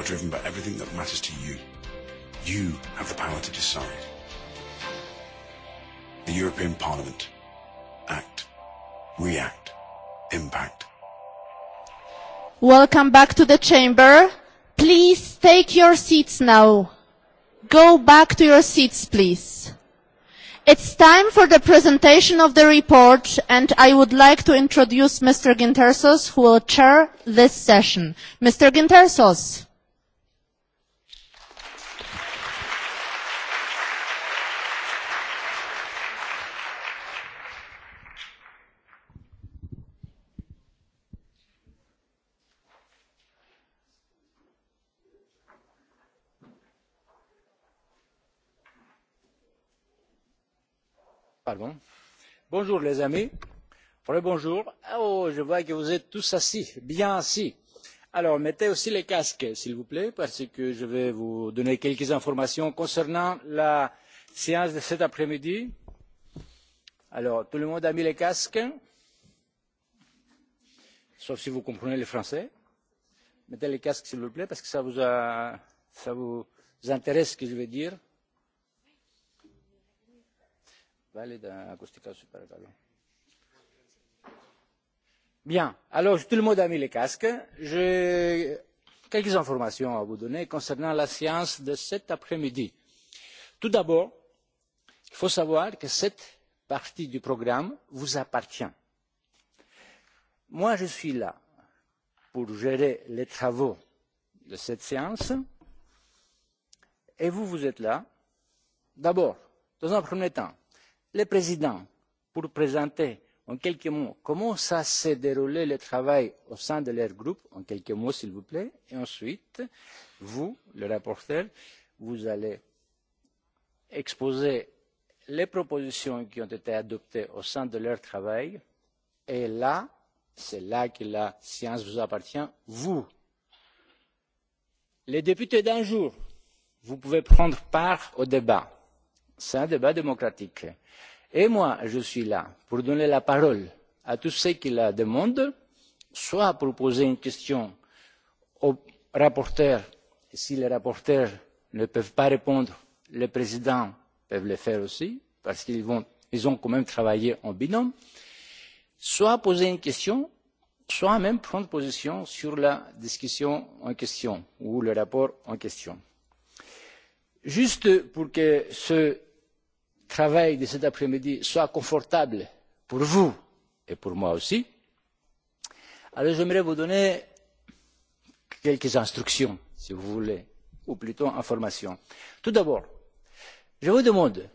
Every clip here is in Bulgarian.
are driven by everything that matters to you. You have the power to decide. The European Parliament. Act. React. Impact. Welcome back to the chamber. Please take your seats now. Go back to your seats, please. It's time for the presentation of the report, and I would like to introduce Mr. Gintersos, who will chair this session. Mr. Gintersos. Bonjour les amis. Rebonjour. Oh, je vois que vous êtes tous assis, bien assis. Alors, mettez aussi les casques, s'il vous plaît, parce que je vais vous donner quelques informations concernant la séance de cet après-midi. Alors, tout le monde a mis les casques, sauf si vous comprenez le français. Mettez les casques, s'il vous plaît, parce que ça vous, a, ça vous intéresse ce que je vais dire. Βάλε ακουστικά σου παρακαλώ. Bien, alors tout le monde a mis les casques. J'ai quelques informations à vous donner concernant la séance de cet après-midi. Tout d'abord, il faut savoir que cette partie du programme vous appartient. Moi, je suis là pour gérer les travaux de cette séance et vous, vous êtes là, d'abord, dans un premier temps, le président pour présenter en quelques mots comment s'est déroulé le travail au sein de leur groupe en quelques mots s'il vous plaît et ensuite vous le rapporteur vous allez exposer les propositions qui ont été adoptées au sein de leur travail et là c'est là que la science vous appartient vous les députés d'un jour vous pouvez prendre part au débat c'est un débat démocratique. Et moi, je suis là pour donner la parole à tous ceux qui la demandent, soit pour poser une question au rapporteur, si les rapporteurs ne peuvent pas répondre, les présidents peuvent le faire aussi, parce qu'ils ont quand même travaillé en binôme, soit poser une question, soit même prendre position sur la discussion en question ou le rapport en question. Juste pour que ceux travail de cet après-midi soit confortable pour vous et pour moi aussi, alors j'aimerais vous donner quelques instructions, si vous voulez, ou plutôt informations. Tout d'abord, je vous demande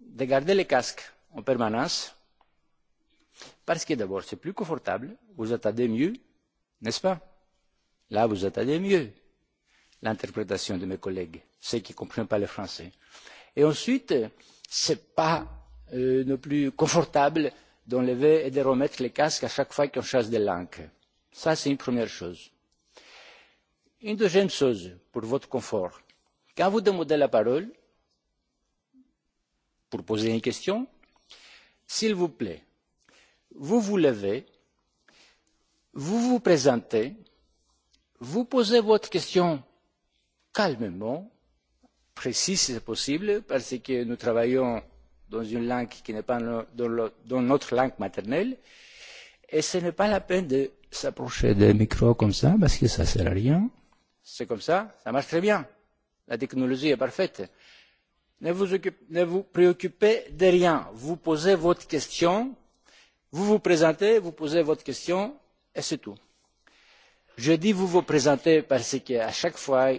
de garder le casque en permanence, parce que d'abord c'est plus confortable, vous attendez mieux, n'est-ce pas Là, vous attendez mieux l'interprétation de mes collègues, ceux qui ne comprennent pas le français. Et ensuite, ce n'est pas le plus confortable d'enlever et de remettre les casques à chaque fois qu'on chasse des langues. Ça, c'est une première chose. Une deuxième chose, pour votre confort. Quand vous demandez la parole, pour poser une question, s'il vous plaît, vous vous levez, vous vous présentez, vous posez votre question calmement, précis si c'est possible, parce que nous travaillons dans une langue qui n'est pas dans notre langue maternelle. Et ce n'est pas la peine de s'approcher des micros comme ça, parce que ça ne sert à rien. C'est comme ça, ça marche très bien. La technologie est parfaite. Ne vous, occupe, ne vous préoccupez de rien. Vous posez votre question, vous vous présentez, vous posez votre question, et c'est tout. Je dis vous vous présentez parce qu'à chaque fois,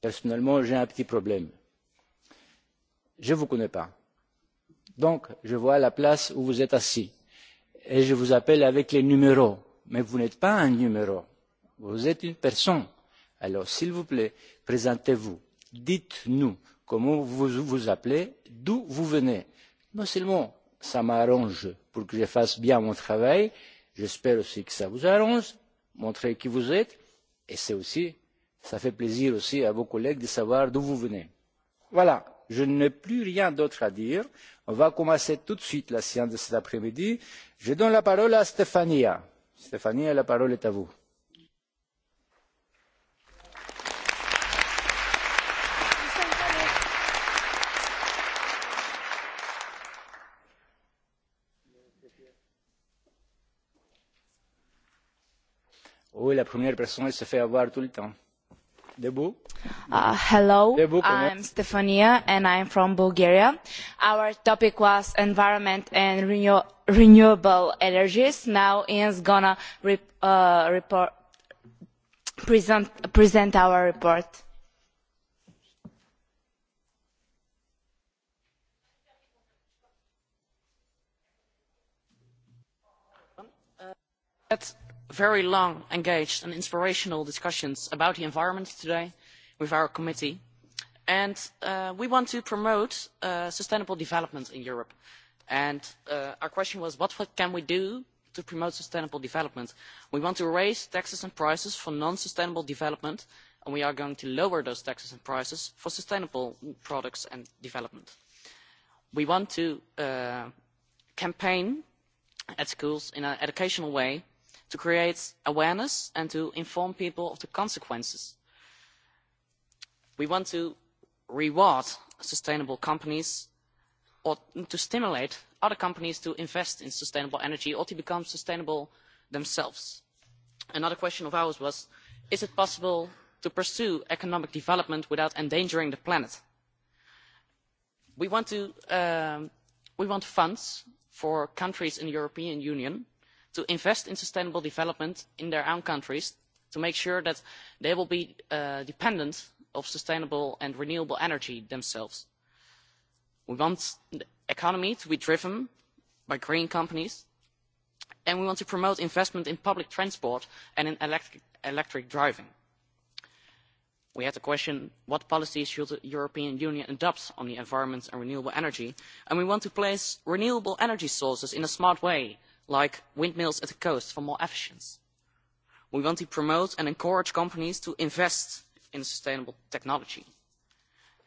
personnellement j'ai un petit problème je ne vous connais pas donc je vois la place où vous êtes assis et je vous appelle avec les numéros mais vous n'êtes pas un numéro vous êtes une personne alors s'il vous plaît présentez vous dites nous comment vous vous appelez d'où vous venez non seulement ça m'arrange pour que je fasse bien mon travail j'espère aussi que ça vous arrange montrez qui vous êtes et c'est aussi Ça fait plaisir aussi à vos collègues de savoir d'où vous venez. Voilà, je n'ai plus rien d'autre à dire. On va commencer tout de suite la séance de cet après-midi. Je donne la parole à Stefania. Stefania, la parole est à vous. Oui, la première personne se fait avoir tout le temps. Debu. Uh, hello, Debu, I'm Stefania and I'm from Bulgaria. Our topic was environment and renew- renewable energies. Now Ian's gonna re- uh, report, present, present our report. That's very long, engaged and inspirational discussions about the environment today with our committee. And we want to promote sustainable development in Europe. And our question was, what can we do to promote sustainable development? We want to raise taxes and prices for non-sustainable development, and we are going to lower those taxes and prices for sustainable products and development. We want to campaign at schools in an educational way to create awareness and to inform people of the consequences. We want to reward sustainable companies or to stimulate other companies to invest in sustainable energy or to become sustainable themselves. Another question of ours was, is it possible to pursue economic development without endangering the planet? We want, to, um, we want funds for countries in the European Union to invest in sustainable development in their own countries to make sure that they will be dependent on sustainable and renewable energy themselves. We want the economy to be driven by green companies and we want to promote investment in public transport and in electric, electric driving. We had the question, what policies should the European Union adopt on the environment and renewable energy? And we want to place renewable energy sources in a smart way like windmills at the coast for more efficiency. We want to promote and encourage companies to invest in sustainable technology.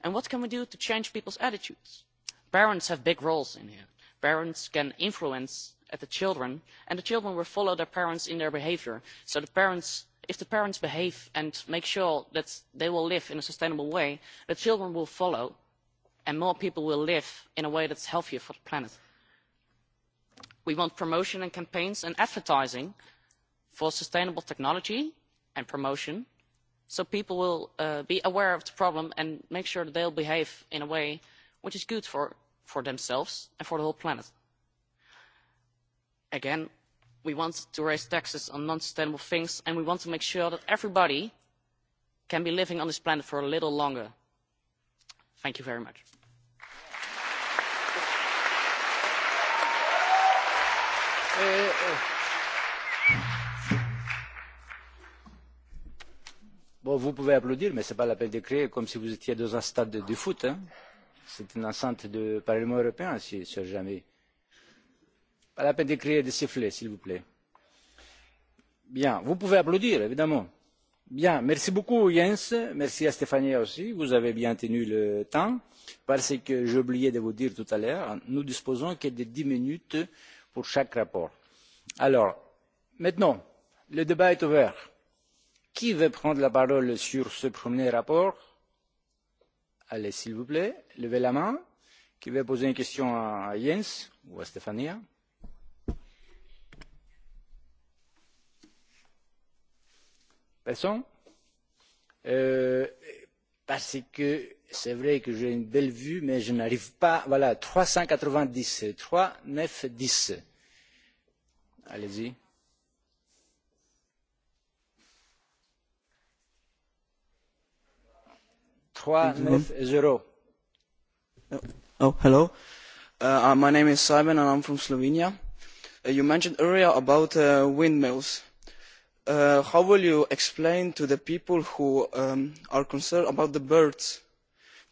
And what can we do to change people's attitudes? Parents have big roles in here. Parents can influence at the children, and the children will follow their parents in their behaviour. So the parents, if the parents behave and make sure that they will live in a sustainable way, the children will follow, and more people will live in a way that's healthier for the planet we want promotion and campaigns and advertising for sustainable technology and promotion so people will be aware of the problem and make sure that they'll behave in a way which is good for, for themselves and for the whole planet. Again, we want to raise taxes on non-sustainable things and we want to make sure that everybody can be living on this planet for a little longer. Thank you very much. Bon, vous pouvez applaudir, mais ce n'est pas la peine de crier comme si vous étiez dans un stade de foot. Hein. C'est une enceinte du Parlement européen, si, si jamais. Pas la peine de crier et de siffler, s'il vous plaît. Bien, vous pouvez applaudir, évidemment. Bien, merci beaucoup Jens, merci à Stéphanie aussi, vous avez bien tenu le temps, parce que j'ai oublié de vous dire tout à l'heure, nous disposons que de dix minutes pour chaque rapport. Alors, maintenant, le débat est ouvert. Qui veut prendre la parole sur ce premier rapport Allez, s'il vous plaît, levez la main. Qui veut poser une question à Jens ou à Stefania Personne Parce que c'est vrai que j'ai une belle vue, mais je n'arrive pas. Voilà, 390, 3, 9, 10. Allez-y. Oh, hello. Uh, my name is Simon and I'm from Slovenia. Uh, you mentioned earlier about uh, windmills. Uh, how will you explain to the people who um, are concerned about the birds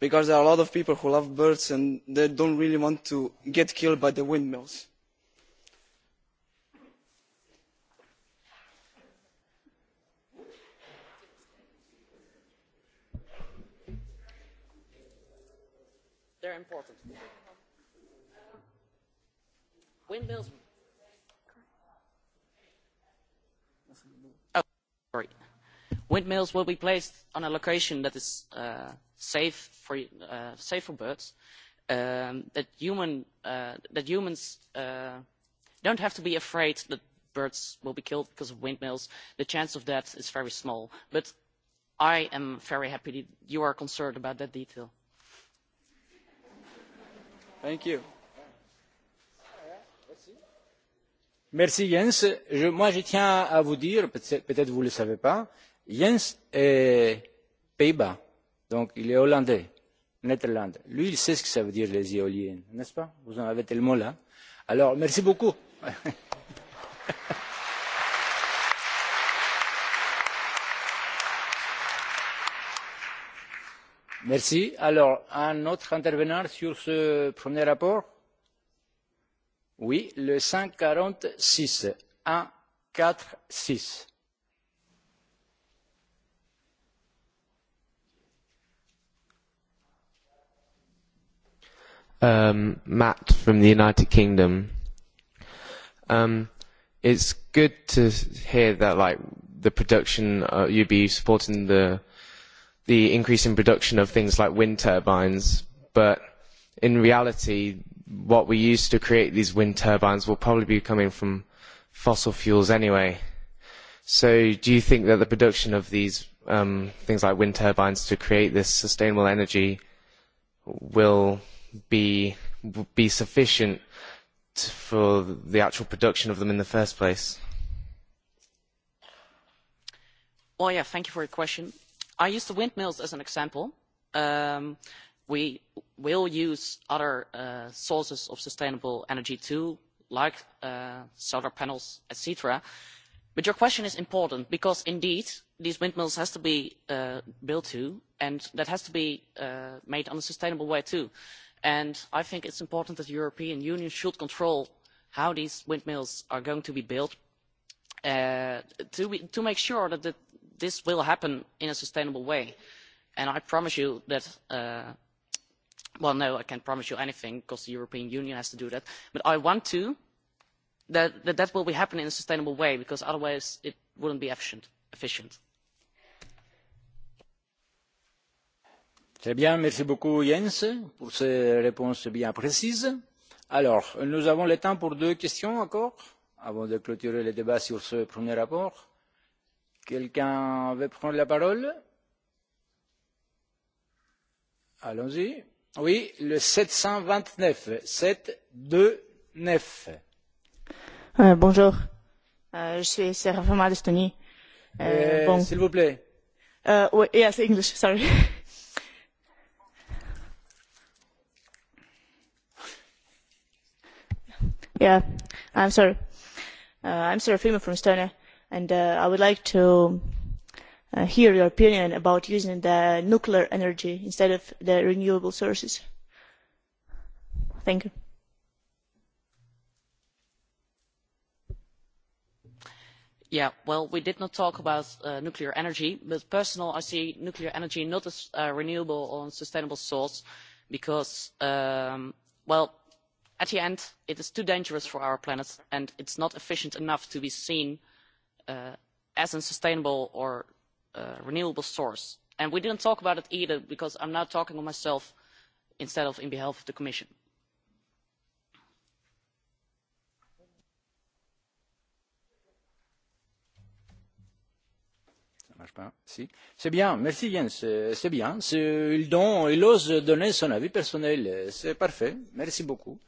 because there are a lot of people who love birds and they don't really want to get killed by the windmills. They're important. Windmills Windmills will be placed on a location that is uh, safe for uh, safe for birds. Um, that human uh, that humans uh, don't have to be afraid that birds will be killed because of windmills. The chance of that is very small. But I am very happy that you are concerned about that detail. Thank you. Merci Jens. Je, moi, je tiens à vous dire, peut-être vous ne le savez pas, Jens est Pays-Bas, donc il est hollandais, Netherlands. Lui, il sait ce que ça veut dire les éoliennes, n'est-ce pas Vous en avez tellement là. Alors, merci beaucoup. Merci. Alors, un autre intervenant sur ce premier rapport Oui, le 146. 1, 4, 6. um, Matt from the United Kingdom. Um, it's good to hear that like the production uh, you'd be supporting the the increase in production of things like wind turbines, but in reality, what we use to create these wind turbines will probably be coming from fossil fuels anyway. So, do you think that the production of these um, things like wind turbines to create this sustainable energy will be would be sufficient to for the actual production of them in the first place? Well, yeah, thank you for your question. I use the windmills as an example. Um, we will use other uh, sources of sustainable energy too, like uh, solar panels, etc. But your question is important because indeed these windmills has to be uh, built too and that has to be uh, made on a sustainable way too and i think it is important that the european union should control how these windmills are going to be built to make sure that this will happen in a sustainable way and i promise you that well no i can't promise you anything because the european union has to do that but i want to that that will happen in a sustainable way because otherwise it wouldn't be efficient Très bien, merci beaucoup Jens pour ces réponses bien précises. Alors, nous avons le temps pour deux questions encore, avant de clôturer le débat sur ce premier rapport. Quelqu'un veut prendre la parole Allons-y. Oui, le 729. 7, 2, 9. Euh, bonjour, euh, je suis Serafima d'Estonie. Euh, euh, bon. S'il vous plaît. Uh, yes, English, sorry Yeah, I'm sorry. Uh, I'm Serafima from Estonia, and uh, I would like to uh, hear your opinion about using the nuclear energy instead of the renewable sources. Thank you. Yeah, well, we did not talk about uh, nuclear energy, but personal, I see nuclear energy not as a renewable or sustainable source because, um, well, at the end it is too dangerous for our planet and it is not efficient enough to be seen as a sustainable or renewable source. we did not talk about it either because i am now talking to myself instead of on behalf of the commission. C'est bien, merci Jens, c'est bien. Il ose donner son avis personnel, c'est parfait, merci beaucoup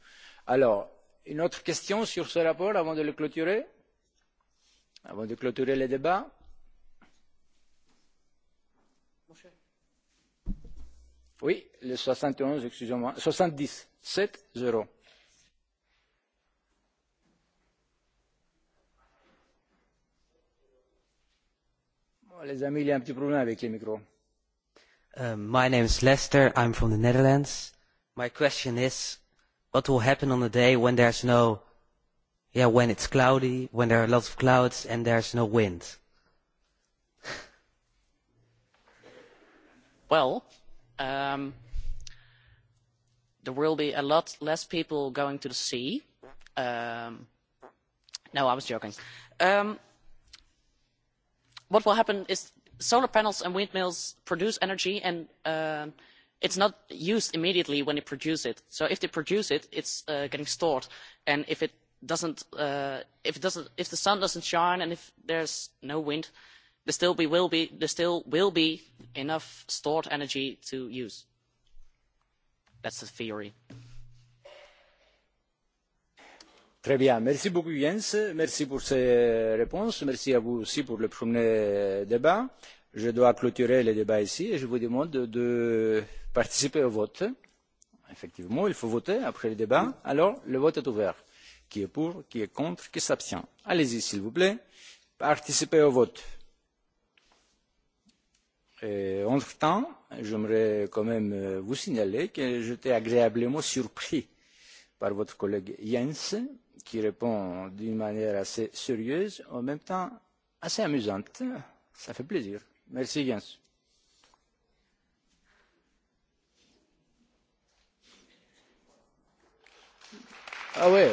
Alors, une autre question sur ce rapport avant de le clôturer Avant de clôturer le débat Oui, le 71, excusez-moi, 70, 7, 0. Les amis, il y a un petit problème avec les micros. Uh, my name is Lester, I'm from the Netherlands. My question is, what will happen on the day when there's no, yeah, when it's cloudy, when there are lots of clouds and there's no wind? well, um, there will be a lot less people going to the sea. Um, no, I was joking. Um, what will happen is solar panels and windmills produce energy and um it's not used immediately when they produce it. So if they produce it, it's uh, getting stored. And if it doesn't, uh, if it doesn't, if the sun doesn't shine and if there's no wind, there still be will be there still will be enough stored energy to use. That's the theory. Très bien. Merci beaucoup, Jens. Merci pour ces réponses. Merci à vous aussi pour le premier débat je dois clôturer le débat ici et je vous demande de participer au vote. Effectivement, il faut voter après le débat. Alors, le vote est ouvert. Qui est pour, qui est contre, qui s'abstient Allez-y, s'il vous plaît. Participez au vote. Entre-temps, j'aimerais quand même vous signaler que j'étais agréablement surpris par votre collègue Jens, qui répond d'une manière assez sérieuse, en même temps assez amusante. Ça fait plaisir. Merci Jens. Ah ouais.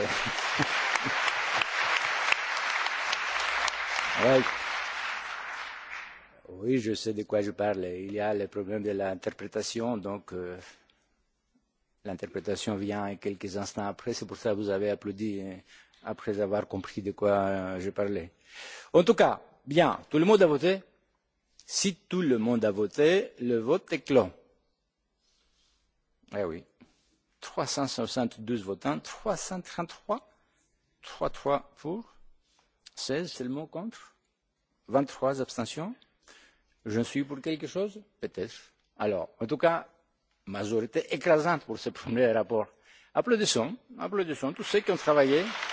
ouais. Oui, je sais de quoi je parle. Il y a le problème de l'interprétation, donc euh, l'interprétation vient quelques instants après. C'est pour ça que vous avez applaudi après avoir compris de quoi je parlais. En tout cas, bien, tout le monde a voté Si tout le monde a voté, le vote est clos. Eh oui. 372 votants, 333, 33 pour, 16 seulement contre, 23 abstentions. Je suis pour quelque chose Peut-être. Alors, en tout cas, majorité écrasante pour ce premier rapport. Applaudissons, applaudissons tous ceux qui ont travaillé. Applaudissements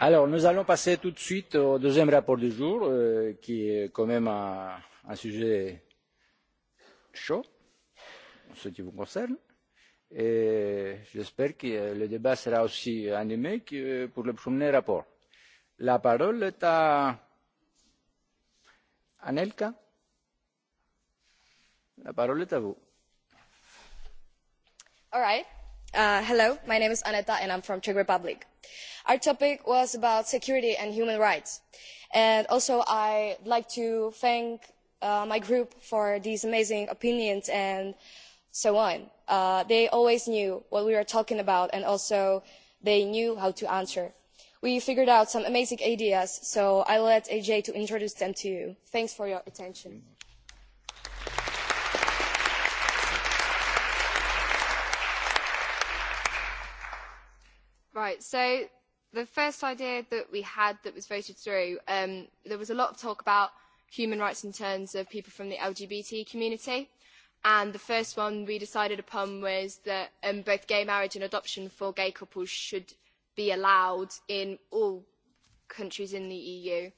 Alors, nous allons passer tout de suite au deuxième rapport du jour, euh, qui est quand même un, un sujet chaud, ce qui vous concerne. Et j'espère que le débat sera aussi animé que pour le premier rapport. La parole est à Anelka. La parole est à vous. All right hello my name is aneta and i am from the czech republic. our topic was about security and human rights and also i would like to thank my group for these amazing opinions and so on. they always knew what we were talking about and also they knew how to answer. we figured out some amazing ideas so i will let aj introduce them to you. thanks for your attention. Right, so the first idea that we had that was voted through, um, there was a lot of talk about human rights in terms of people from the LGBT community. And the first one we decided upon was that um, both gay marriage and adoption for gay couples should be allowed in all countries in the EU.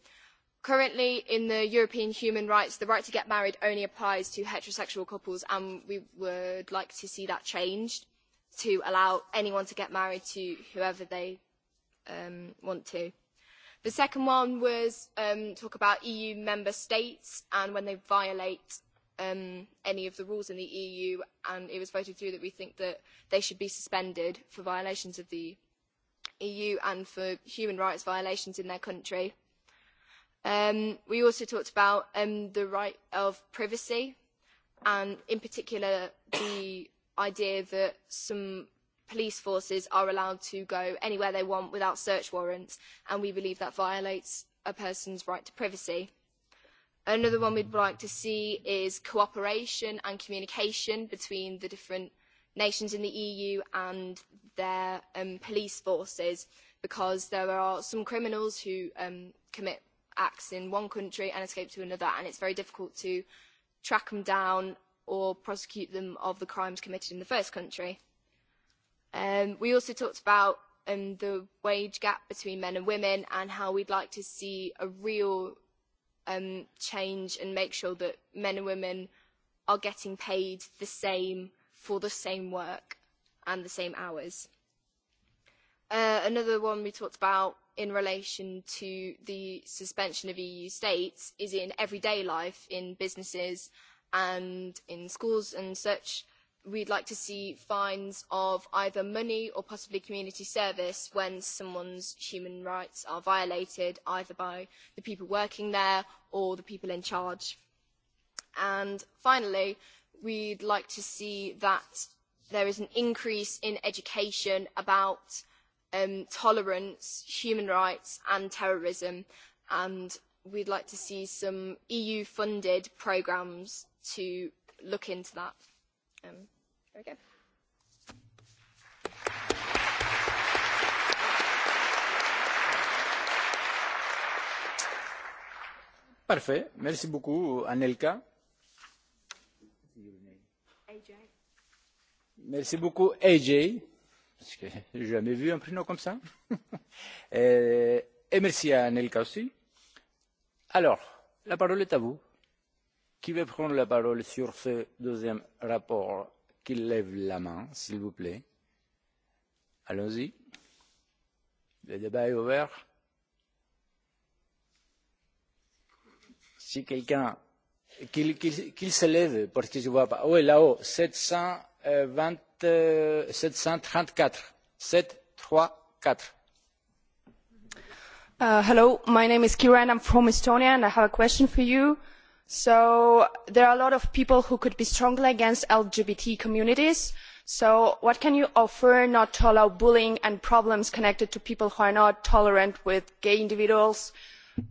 Currently, in the European human rights, the right to get married only applies to heterosexual couples, and we would like to see that changed to allow anyone to get married to whoever they um, want to. The second one was um, talk about EU member states and when they violate um, any of the rules in the EU, and it was voted through that we think that they should be suspended for violations of the EU and for human rights violations in their country. Um, we also talked about um, the right of privacy and in particular the idea that some police forces are allowed to go anywhere they want without search warrants, and we believe that violates a person's right to privacy. Another one we'd like to see is cooperation and communication between the different nations in the EU and their um, police forces because there are some criminals who um, commit acts in one country and escape to another and it's very difficult to track them down or prosecute them of the crimes committed in the first country. Um, we also talked about um, the wage gap between men and women and how we'd like to see a real um, change and make sure that men and women are getting paid the same for the same work and the same hours. Uh, another one we talked about in relation to the suspension of EU states is in everyday life, in businesses and in schools and such, we'd like to see fines of either money or possibly community service when someone's human rights are violated, either by the people working there or the people in charge. And finally, we'd like to see that there is an increase in education about um, tolerance, human rights and terrorism. And we'd like to see some EU-funded programmes to look into that. Um, there we go. Parfait. Merci beaucoup, Anelka. AJ. Merci beaucoup, AJ. Parce que je n'ai jamais vu un prénom comme ça. et merci à Anelka aussi. Alors, la parole est à vous. Qui veut prendre la parole sur ce deuxième rapport Qui lève la main, s'il vous plaît. Allons-y. Le débat est ouvert. Si quelqu'un. Qu'il qu qu se lève, parce que je ne vois pas. Oui, là-haut, 720, 734. 734. Uh, hello, my name is Kira I'm from Estonia and I have a question for you. Uh, So there are a lot of people who could be strongly against LGBT communities. So what can you offer not to allow bullying and problems connected to people who are not tolerant with gay individuals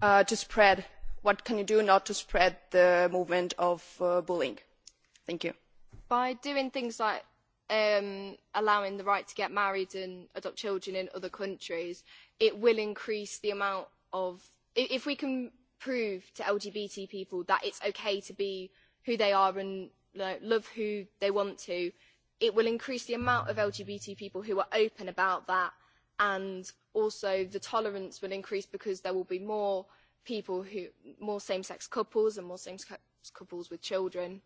to spread? What can you do not to spread the movement of bullying? Thank you. By doing things like allowing the right to get married and adopt children in other countries, it will increase the amount of... If we can prove to LGBT people that it's okay to be who they are and love who they want to, it will increase the amount of LGBT people who are open about that and also the tolerance will increase because there will be more people who more same sex couples and more same sex couples with children.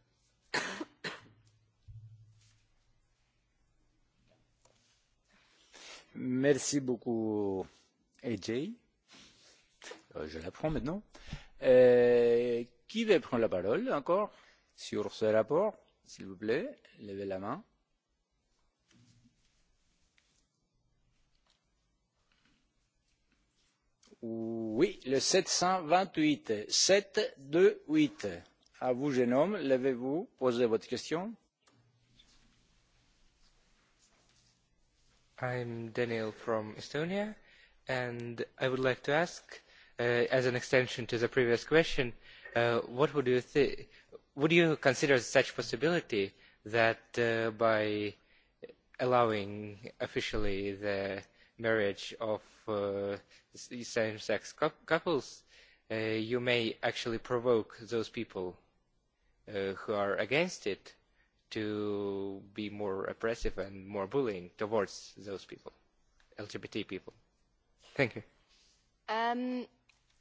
Merci beaucoup, AJ je la prends maintenant. Euh, qui veut prendre la parole encore sur ce rapport S'il vous plaît, levez la main. Oui, le 728. 7, 2, 8. À vous, jeune homme, levez-vous, posez votre question. I'm Daniel from Estonia, and I would like to ask uh, as an extension to the previous question, uh what would you think? Would you consider such a possibility that by allowing officially the marriage of same-sex couples, uh you may actually provoke those people who are against it to be more oppressive and more bullying towards those people, LGBT people? Thank you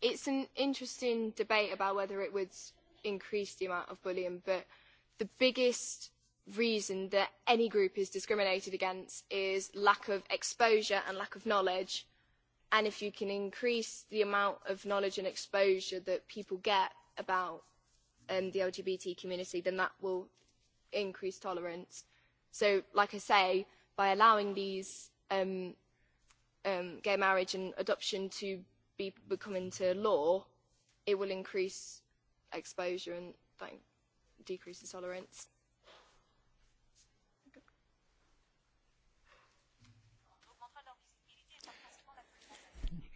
it's an interesting debate about whether it would increase the amount of bullying, but the biggest reason that any group is discriminated against is lack of exposure and lack of knowledge. And if you can increase the amount of knowledge and exposure that people get about um, the LGBT community, then that will increase tolerance. So, like I say, by allowing these um, um, gay marriage and adoption to be become into law, it will increase exposure and that decreases tolerance.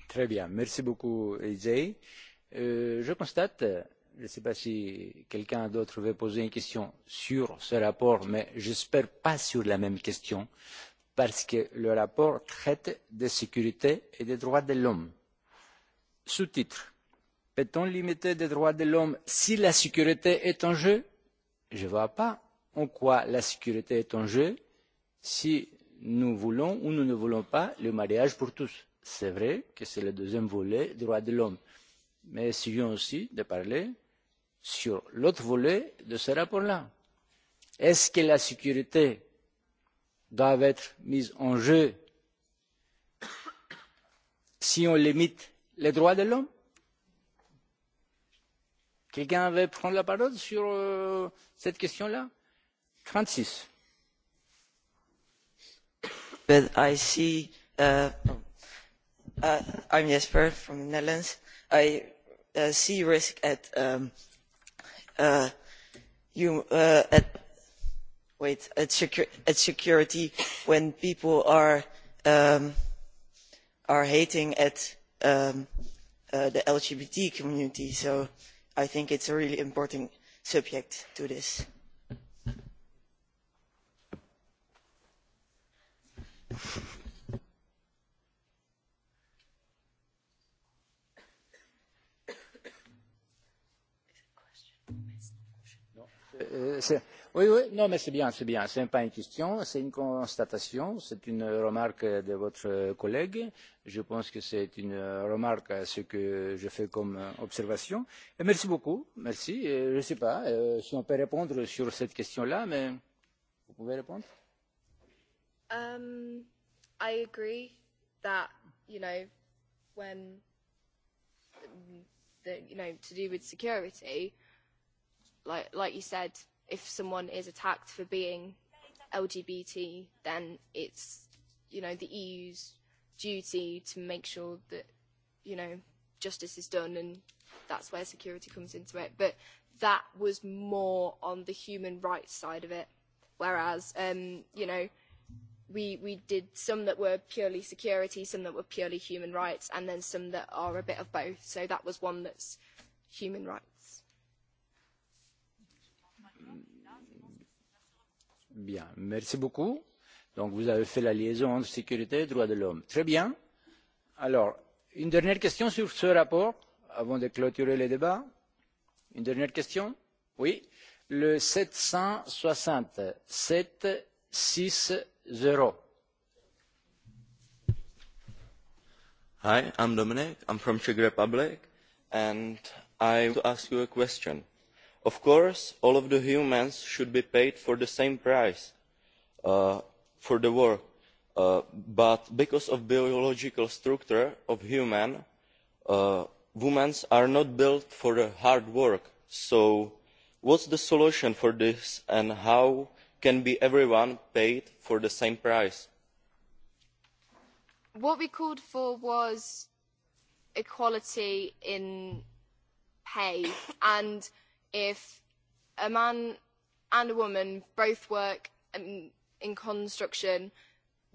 Très bien, merci beaucoup, EJ. Euh, je constate, je ne sais pas si quelqu'un d'autre veut poser une question sur ce rapport, mais j'espère pas sur la même question, parce que le rapport traite de sécurité et des droits de l'homme Sous titre Peut on limiter les droits de l'homme si la sécurité est en jeu? Je ne vois pas en quoi la sécurité est en jeu si nous voulons ou nous ne voulons pas le mariage pour tous. C'est vrai que c'est le deuxième volet des droits de l'homme. Mais essayons aussi de parler sur l'autre volet de ce rapport-là. Est-ce que la sécurité doit être mise en jeu si on limite les droits de l'homme Quelqu'un veut prendre la parole sur euh, cette question-là 36. But I see. Uh, uh, I'm Jesper from the Netherlands. I uh, see risk at um, uh, you uh, at wait at, secu- at security when people are um, are hating at the lgbt community so i think it is a really important subject to this. Oui, oui, non, mais c'est bien, c'est bien. Ce n'est pas une question, c'est une constatation, c'est une remarque de votre collègue. Je pense que c'est une remarque à ce que je fais comme observation. Et merci beaucoup, merci. Et je ne sais pas euh, si on peut répondre sur cette question-là, mais vous pouvez répondre. Um, I agree that, you know, when, the, you know, to do with security, like, like you said, if someone is attacked for being LGBT, then it's you know the EU's duty to make sure that you know justice is done, and that's where security comes into it. But that was more on the human rights side of it, whereas um, you know we we did some that were purely security, some that were purely human rights, and then some that are a bit of both. So that was one that's human rights Bien, merci beaucoup. Donc vous avez fait la liaison entre sécurité et droits de l'homme. Très bien. Alors, une dernière question sur ce rapport, avant de clôturer le débat. Une dernière question Oui. Le 767 6 0. Hi, I'm Dominic. I'm from Czech Republic, and I want to ask you a question of course all of the humans should be paid for the same price for the work but because of the biological structure of humans women are not built for hard work so what is the solution for this and how can everyone be paid for the same price? what we called for was equality in pay and if a man and a woman both work in, in construction,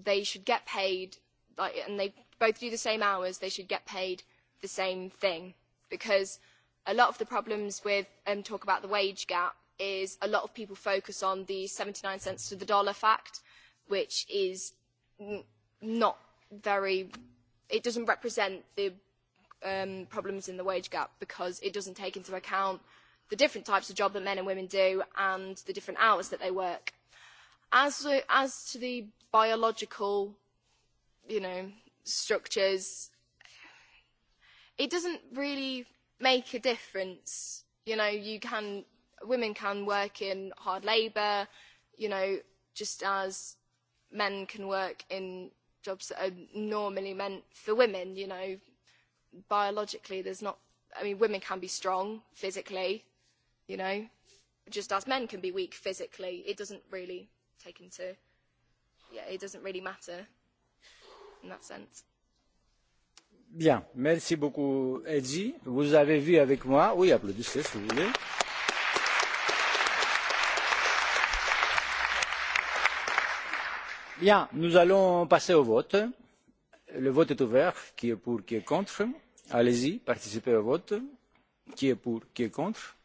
they should get paid, like, and they both do the same hours, they should get paid the same thing. Because a lot of the problems with um, talk about the wage gap is a lot of people focus on the 79 cents to the dollar fact, which is n- not very, it doesn't represent the um, problems in the wage gap because it doesn't take into account the different types of job that men and women do and the different hours that they work. As to, as to the biological, you know, structures, it doesn't really make a difference. You know, you can, women can work in hard labour, you know, just as men can work in jobs that are normally meant for women, you know, biologically there's not, I mean, women can be strong physically, you know, just as men can be weak physically, it doesn't really take into, yeah, it doesn't really matter in that sense. Bien, merci beaucoup Edzi. Vous avez vu avec moi, oui, applaudissez si vous voulez. Bien, nous allons passer au vote. Le vote est ouvert. Qui est pour, qui est contre Allez-y, participez au vote. Qui est pour, qui est contre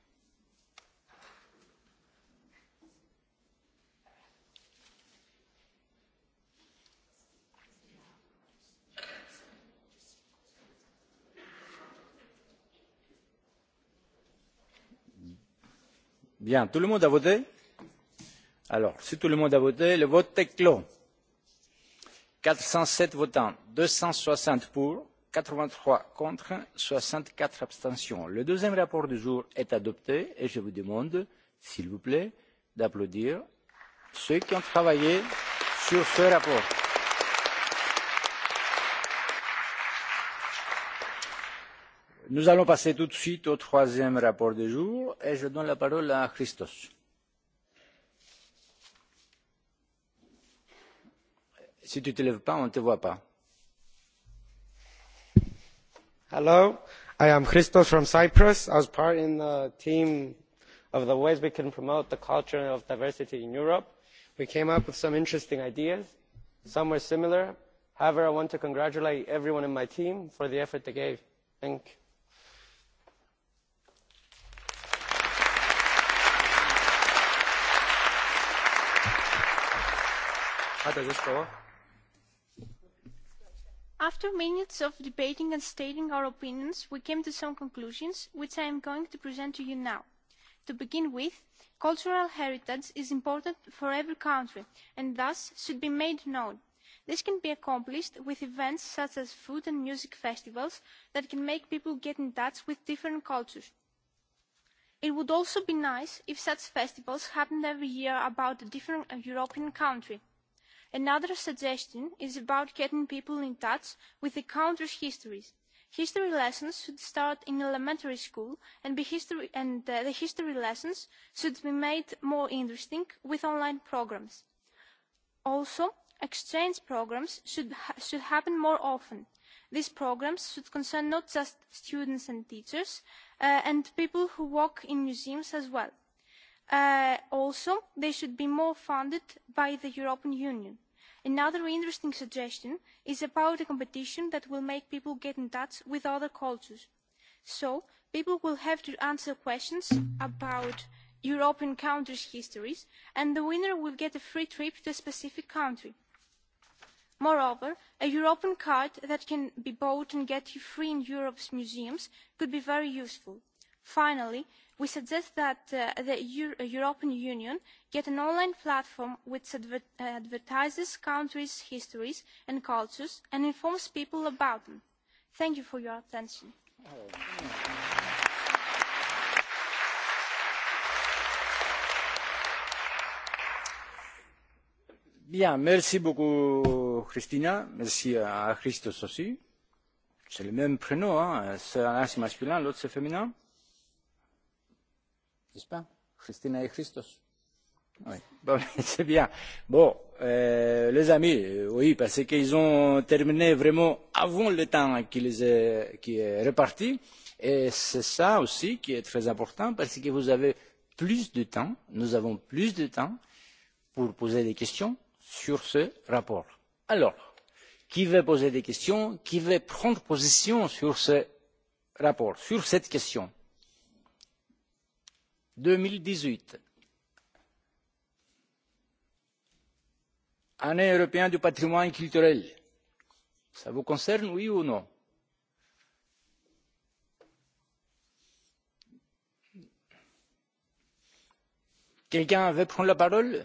Bien, tout le monde a voté Alors, si tout le monde a voté, le vote est clos. 407 votants, 260 pour, 83 contre, 64 abstentions. Le deuxième rapport du jour est adopté et je vous demande, s'il vous plaît, d'applaudir ceux qui ont travaillé sur ce rapport. Nous allons passer tout de suite au troisième rapport du jour et je donne la parole à Christos. Si tu ne te lèves pas, on ne te voit pas. Hello, I am Christos from Cyprus. I was part in the team of the ways we can promote the culture of diversity in Europe. We came up with some interesting ideas. Some were similar. However, I want to congratulate everyone in my team for the effort they gave. Thank you. After minutes of debating and stating our opinions, we came to some conclusions, which I am going to present to you now. To begin with, cultural heritage is important for every country and thus should be made known. This can be accomplished with events such as food and music festivals that can make people get in touch with different cultures. It would also be nice if such festivals happened every year about a different European country. Another suggestion is about getting people in touch with the country's histories. History lessons should start in elementary school and, be history, and uh, the history lessons should be made more interesting with online programs. Also, exchange programs should, ha should happen more often. These programs should concern not just students and teachers uh, and people who work in museums as well. Uh, also, they should be more funded by the European Union Another interesting suggestion is about a competition that will make people get in touch with other cultures. So, people will have to answer questions about European countries' histories, and the winner will get a free trip to a specific country. Moreover, a European card that can be bought and get you free in Europe's museums could be very useful. Finally, we suggest that uh, the Euro- European Union get an online platform which adver- advertises countries' histories and cultures and informs people about them. Thank you for your attention. Bien, merci beaucoup Christina, merci à Christos aussi. C'est le même prénom, hein. c'est un masculin, l'autre c'est féminin n'est-ce pas Christina et Christos. Oui, bon, c'est bien. Bon, euh, les amis, oui, parce qu'ils ont terminé vraiment avant le temps qui, les est, qui est reparti. Et c'est ça aussi qui est très important parce que vous avez plus de temps, nous avons plus de temps pour poser des questions sur ce rapport. Alors, qui veut poser des questions Qui veut prendre position sur ce rapport, sur cette question deux mille dix huit année européenne du patrimoine culturel cela vous concerne oui ou non? quelqu'un veut prendre la parole?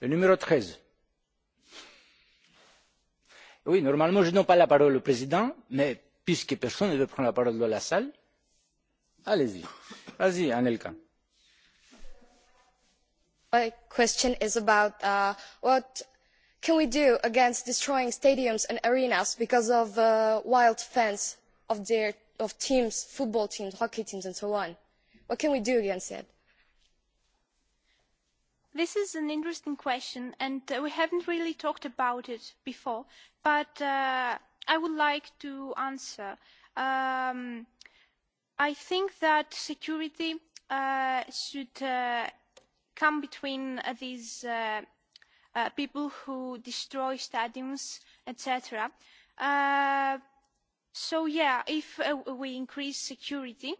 le numéro treize Oui, normalement, je donne pas la parole au président, mais puisque personne ne veut prendre la parole dans la salle, allez-y. Vas-y, Anelka. My question is about uh, what can we do against destroying stadiums and arenas because of uh, wild fans of their of teams, football teams, hockey teams, and so on? What can we do against it? This is an interesting question, and we haven't really talked about it before, but I would like to answer. I think that security should come between these people who destroy stadiums, etc. so yeah, if uh, we increase security,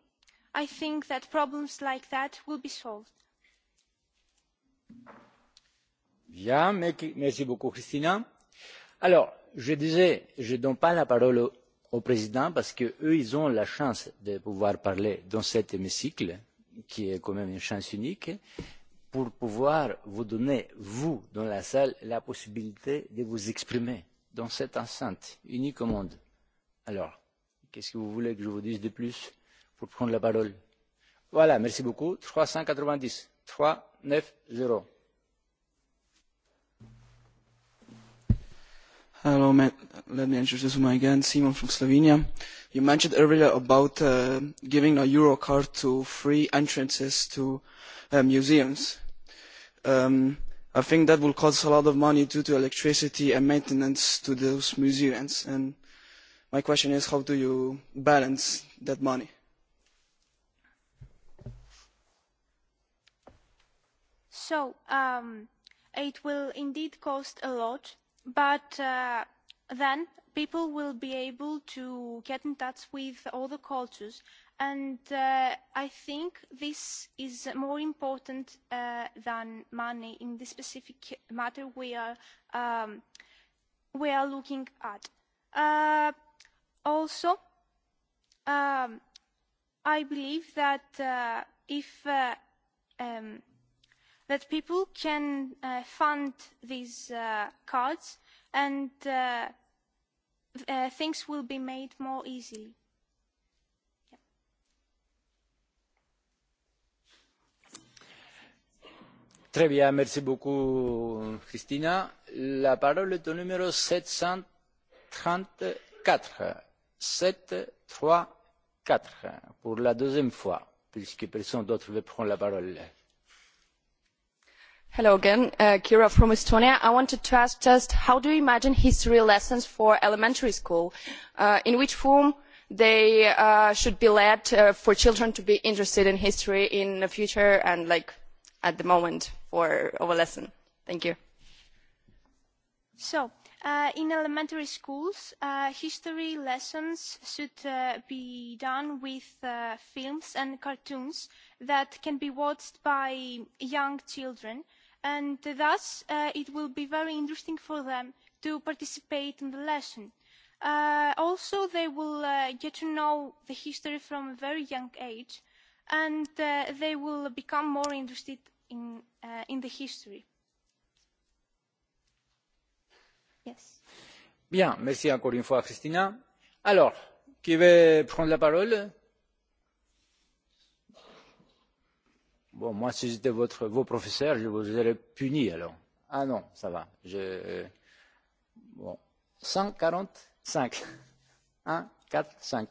I think that problems like that will be solved Bien, merci beaucoup, Christina. Alors, je disais, je ne donne pas la parole au président parce qu'eux, ils ont la chance de pouvoir parler dans cet hémicycle, qui est quand même une chance unique, pour pouvoir vous donner, vous, dans la salle, la possibilité de vous exprimer dans cette enceinte unique au monde. Alors, qu'est-ce que vous voulez que je vous dise de plus pour prendre la parole Voilà, merci beaucoup. 390 trois neuf zéro. Hello, Matt. let me introduce this again, Simon from Slovenia. You mentioned earlier about uh, giving a Euro card to free entrances to uh, museums. Um, I think that will cost a lot of money due to electricity and maintenance to those museums. And my question is, how do you balance that money? So it will indeed cost a lot, but then people will be able to get in touch with all the cultures. And I think this is more important uh, than money in the specific matter we are, um, we are looking at. also, um, I believe that uh, if um, that people can uh, fund these uh, cards and uh, uh, things will be made more easily. Très bien, merci beaucoup Christina. La parole est au numéro 734. 734 pour la deuxième fois, puisque personne d'autre veut prendre la parole. Hello again, uh, Kira from Estonia. I wanted to ask just how do you imagine history lessons for elementary school? Uh, in which form they uh, should be led uh, for children to be interested in history in the future and like at the moment for our lesson? Thank you. So, uh, in elementary schools, uh, history lessons should uh, be done with uh, films and cartoons that can be watched by young children and thus it will be very interesting for them to participate in the lesson. also, they will get to know the history from a very young age and they will become more interested in, in the history. Yes. Bien, merci encore une fois, Christina. Alors, qui veut prendre la parole Bon, moi, si j'étais votre, vos professeurs, je vous aurais puni alors. Ah non, ça va. Je... Bon. 145. 1, 4, 5.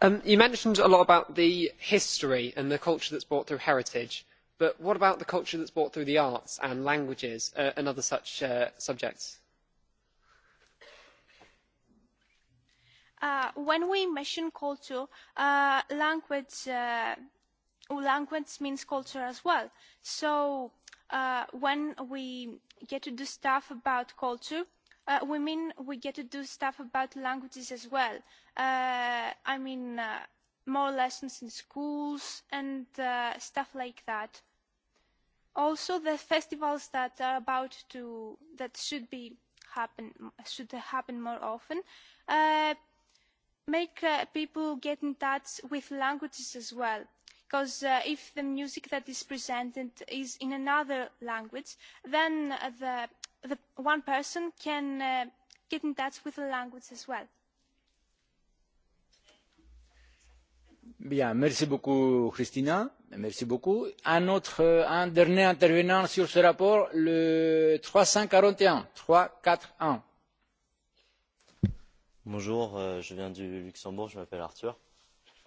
Um, you mentioned a lot about the history and the culture that's brought through heritage, but what about the culture that's brought through the arts and languages uh, and other such uh, subjects? Uh, when we mention culture, uh, language, uh, language means culture as well. So uh, when we get to do stuff about culture, uh, we mean we get to do stuff about languages as well. Uh, I mean, uh, more lessons in schools and uh, stuff like that. Also, the festivals that are about to that should be happen should happen more often. Uh, make people get in touch with languages as well because if the music that is presented is in another language then one person can get in touch with the language as well. merci beaucoup Christina, merci beaucoup. Un autre, un dernier intervenant sur ce rapport, le Bonjour, euh, je viens du Luxembourg, je m'appelle Arthur.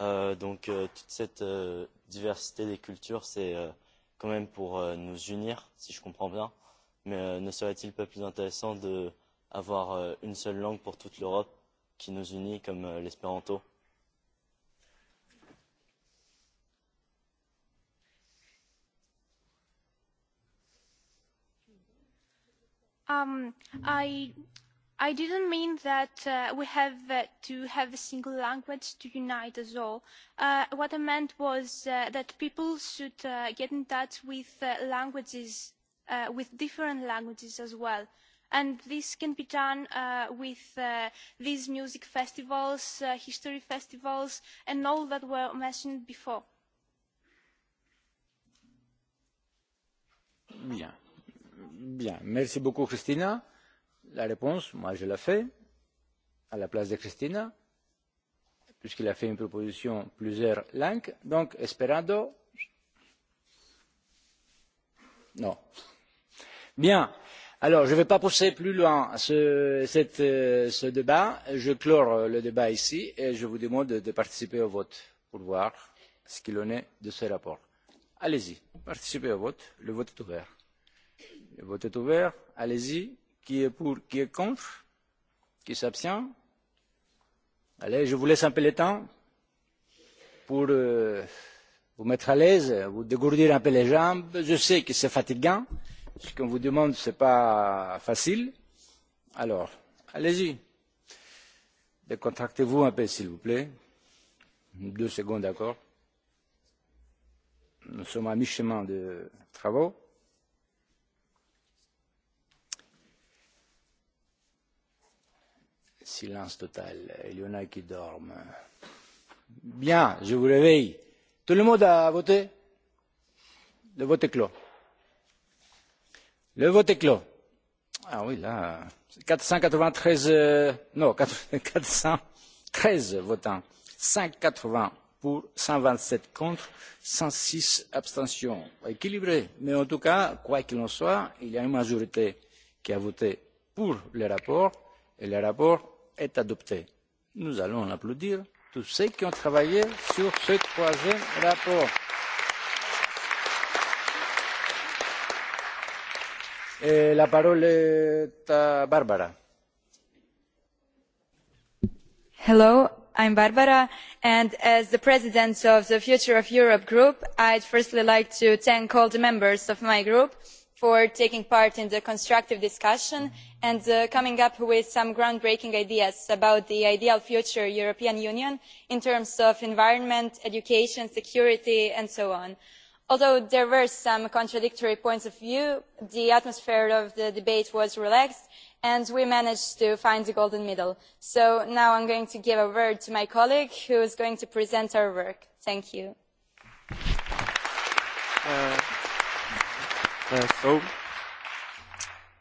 Euh, donc euh, toute cette euh, diversité des cultures, c'est euh, quand même pour euh, nous unir, si je comprends bien. Mais euh, ne serait-il pas plus intéressant d'avoir euh, une seule langue pour toute l'Europe qui nous unit comme euh, l'espéranto Um, I I didn't mean that we have to have a single language to unite us all. what I meant was that people should uh, get in touch with uh, languages, uh, with different languages as well. And this can be done uh, with these music festivals, uh, history festivals, and all that were mentioned before la réponse, moi je la fais, à la place de Christina, puisqu'il a fait une proposition plusieurs langues, donc esperando. non. Bien. Alors, je ne vais pas pousser plus loin ce, cette, ce débat. Je clore le débat ici et je vous demande de participer au vote pour voir ce qu'il en est de ce rapport. Allez-y, participez au vote. Le vote est ouvert. Le vote est ouvert. Allez-y, Qui est pour Qui est contre Qui s'abstient Allez, je vous laisse un peu le temps pour euh, vous mettre à l'aise, vous dégourdir un peu les jambes. Je sais que c'est fatigant. Ce qu'on vous demande, ce n'est pas facile. Alors, allez-y. Décontractez-vous un peu, s'il vous plaît. Deux secondes, d'accord Nous sommes à mi-chemin de travaux. Silence total. Il y en a qui dorment. Bien, je vous réveille. Tout le monde a voté Le vote est clos. Le vote est clos. Ah oui, là, 493, euh, non, 413 votants, 580 pour, 127 contre, 106 abstentions. Équilibré. Mais en tout cas, quoi qu'il en soit, il y a une majorité qui a voté pour le rapport et le rapport est adopté. Nous allons applaudir tous ceux qui ont travaillé sur ce troisième rapport. la parole est à Barbara. Hello, I'm Barbara, and as the president of the Future of Europe group, I'd firstly like to thank all the members of my group for taking part in the constructive discussion and coming up with some groundbreaking ideas about the ideal future european union in terms of environment education security and so on. although there were some contradictory points of view the atmosphere of the debate was relaxed and we managed to find the golden middle. so now i am going to give the word to my colleague who is going to present our work. thank you so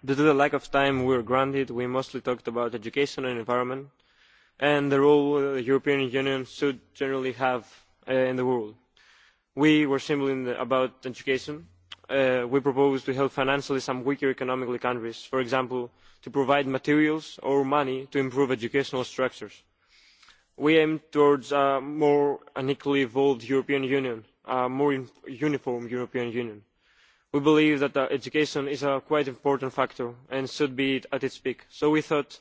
due to the lack of time we were granted we mostly talked about education and environment and the role the european union should generally have in the world. we were simply about education. we proposed to help financially some weaker economically countries for example to provide materials or money to improve educational structures. we aim towards a more unequally evolved european union a more uniform european union we believe that education is a quite important factor and should be at its peak so we thought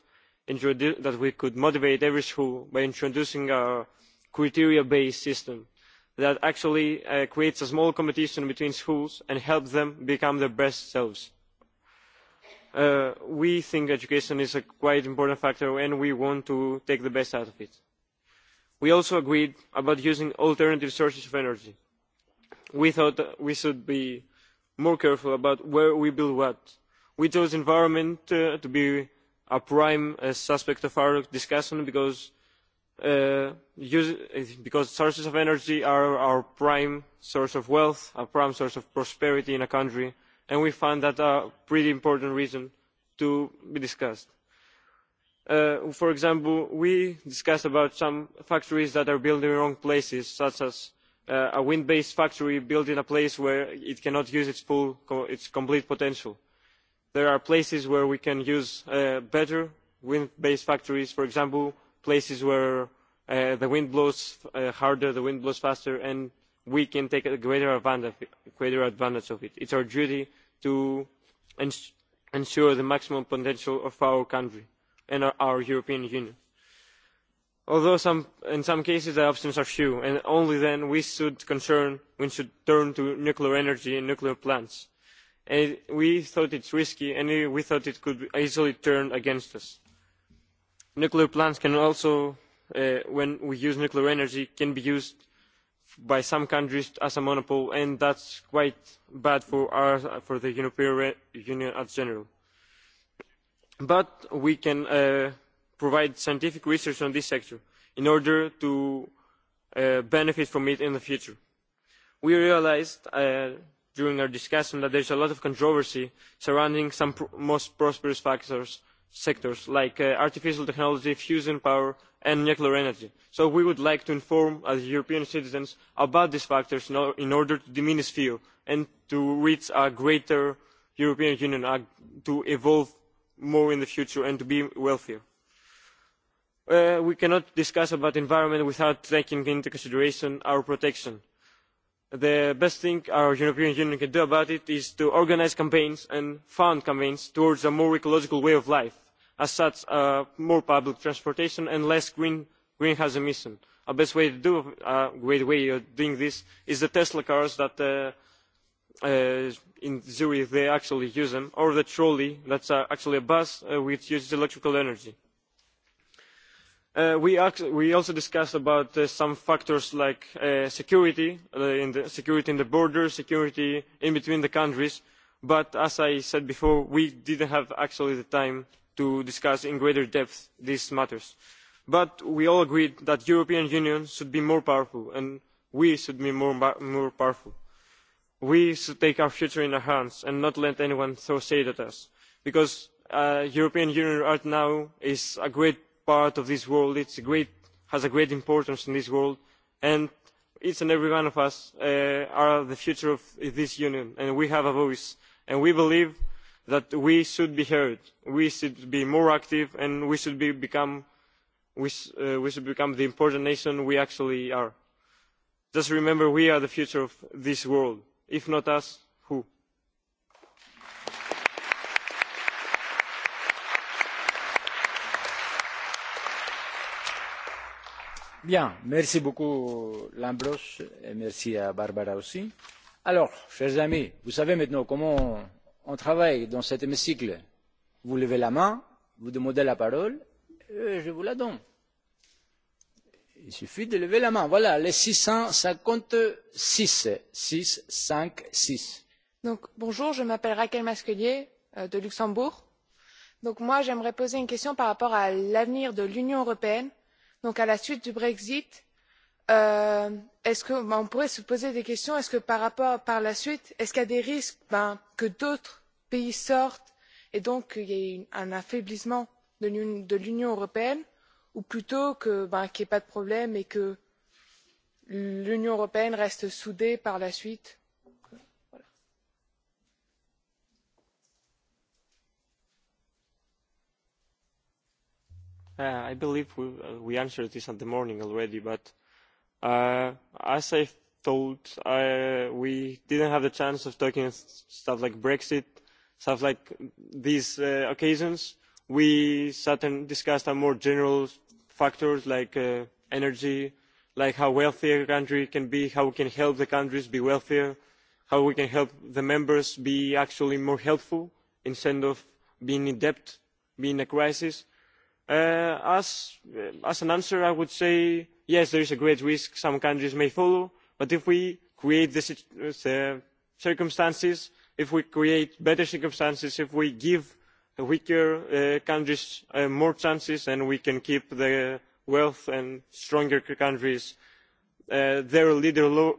that we could motivate every school by introducing a criteria based system that actually creates a small competition between schools and helps them become their best selves. we think education is a quite important factor and we want to take the best out of it. We also agreed about using alternative sources of energy. We thought we should be more careful about where we build what. We chose environment to be a prime suspect of our discussion because sources of energy are our prime source of wealth, our prime source of prosperity in a country, and we find that a pretty important reason to be discussed. for example, we discussed about some factories that are built in the wrong places, such as a wind based factory built in a place where it cannot use its full its complete potential. there are places where we can use better wind based factories for example places where the wind blows harder the wind blows faster and we can take a greater advantage of it. it is our duty to ensure the maximum potential of our country and our european union although some, in some cases the options are few, and only then we should concern, we should turn to nuclear energy and nuclear plants. And we thought it's risky, and we thought it could easily turn against us. Nuclear plants can also, uh, when we use nuclear energy, can be used by some countries as a monopole, and that's quite bad for, our, for the European Union as general. But we can uh, provide scientific research on this sector in order to benefit from it in the future. We realised during our discussion that there is a lot of controversy surrounding some most prosperous factors, sectors like artificial technology, fusion power and nuclear energy. So we would like to inform as European citizens about these factors in order to diminish fear and to reach a greater European Union, to evolve more in the future and to be wealthier we cannot discuss about the environment without taking into consideration our protection. The best thing our European Union can do about it is to organise campaigns and fund campaigns towards a more ecological way of life, as such more public transportation and less green, greenhouse emissions. A best way to do uh, great way of doing this is the Tesla cars that in Zurich they actually use them, or the trolley that's is actually a bus which uses electrical energy we also discussed about some factors like security security in the border security in between the countries but as i said before we did not have actually the time to discuss in greater depth these matters but we all agreed that the european union should be more powerful and we should be more powerful. we should take our future in our hands and not let anyone throw shade at us because the european union right now is a great part of this world it has a great importance in this world and each and every one of us are the future of this union and we have a voice and we believe that we should be heard we should be more active and we should be become we, we should become the important nation we actually are just remember we are the future of this world if not us merci beaucoup Lambros et merci à Barbara aussi. Alors, chers amis, vous savez maintenant comment on travaille dans cet hémicycle. Vous levez la main, vous demandez la parole, et je vous la donne. Il suffit de lever la main. Voilà, les six cent 656. six 5, 6. Donc, bonjour, je m'appelle Raquel Masquelier euh, de Luxembourg. Donc, moi, j'aimerais poser une question par rapport à l'avenir de l'Union européenne donc à la suite du brexit est-ce qu'on pourrait se poser des questions est-ce que par rapport par la suite est-ce qu'il y a des risques que d'autres pays sortent et donc qu'il y ait un affaiblissement de l'Union européenne ou plutôt qu'il n'y ait pas de problème et que l'Union européenne reste soudée par la suite Uh, I believe we, uh, we answered this in the morning already, but uh, as I thought, uh, we didn't have the chance of talking stuff like Brexit, stuff like these uh, occasions. We sat and discussed a more general factors like uh, energy, like how wealthy a country can be, how we can help the countries be wealthier, how we can help the members be actually more helpful instead of being in debt, being in a crisis as, an answer, I would say, yes, there is a great risk some countries may follow, but if we create the, circumstances, if we create better circumstances, if we give weaker countries more chances, and we can keep the wealth and stronger countries their leader,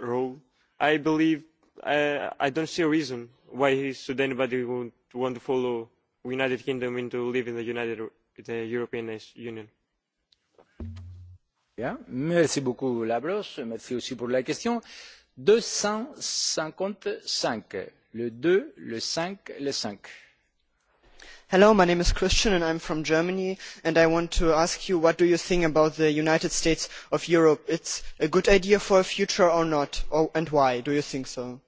role, I believe I, I don't see a reason why should anybody would want to follow United Kingdom into leaving the United the European Union. Bien, merci beaucoup Labros, merci aussi pour la question. 255, le 2, le 5, le 5. Hello, my name is Christian and I'm from Germany and I want to ask you what do you think about the United States of Europe? It's a good idea for a future or not? Or, and why do you think so?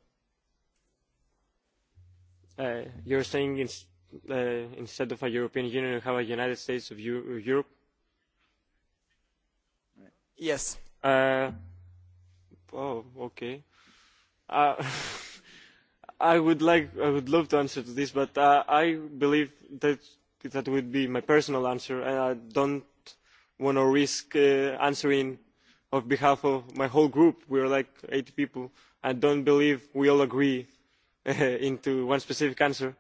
Uh, you're saying it's uh, instead of a European Union, you have a United States of Euro Europe? Yes. Uh, oh, okay. Uh, I would like, I would love to answer to this, but uh, I believe that that would be my personal answer, and I don't want to risk uh, answering on behalf of my whole group. We are like eight people. I don't believe we all agree uh, into one specific answer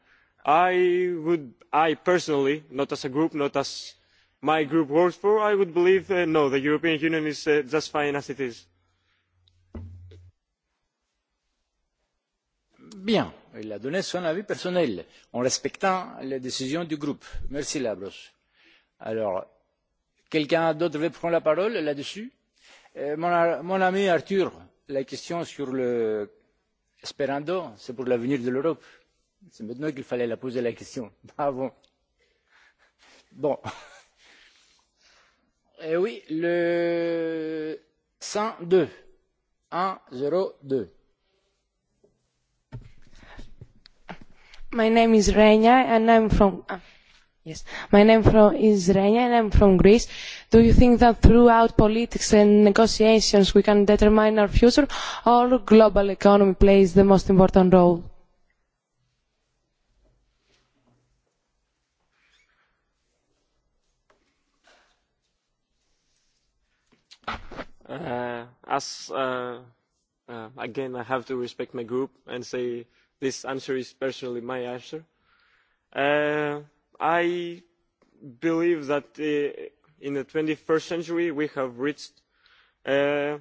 I would, I personally, not as a group, not as my group works for, I would believe uh, no, the European Union is uh, just fine as it is. Bien, il a donné son avis personnel en respectant les décisions du groupe. Merci Labros. Alors, quelqu'un d'autre veut prendre la parole là-dessus Mon ami Arthur, la question sur l'espéranto, c'est pour l'avenir de l'Europe. C'est maintenant qu'il fallait la poser la question. Bravo. Bon. Eh oui, le 102. 102. My name is Renia and I'm from uh, yes. My name from is Renia and I'm from Greece. Do you think that throughout politics and negotiations we can determine our future or global economy plays the most important role? uh, as uh, uh, again, I have to respect my group and say this answer is personally my answer. Uh, I believe that uh, in the 21st century we have reached uh,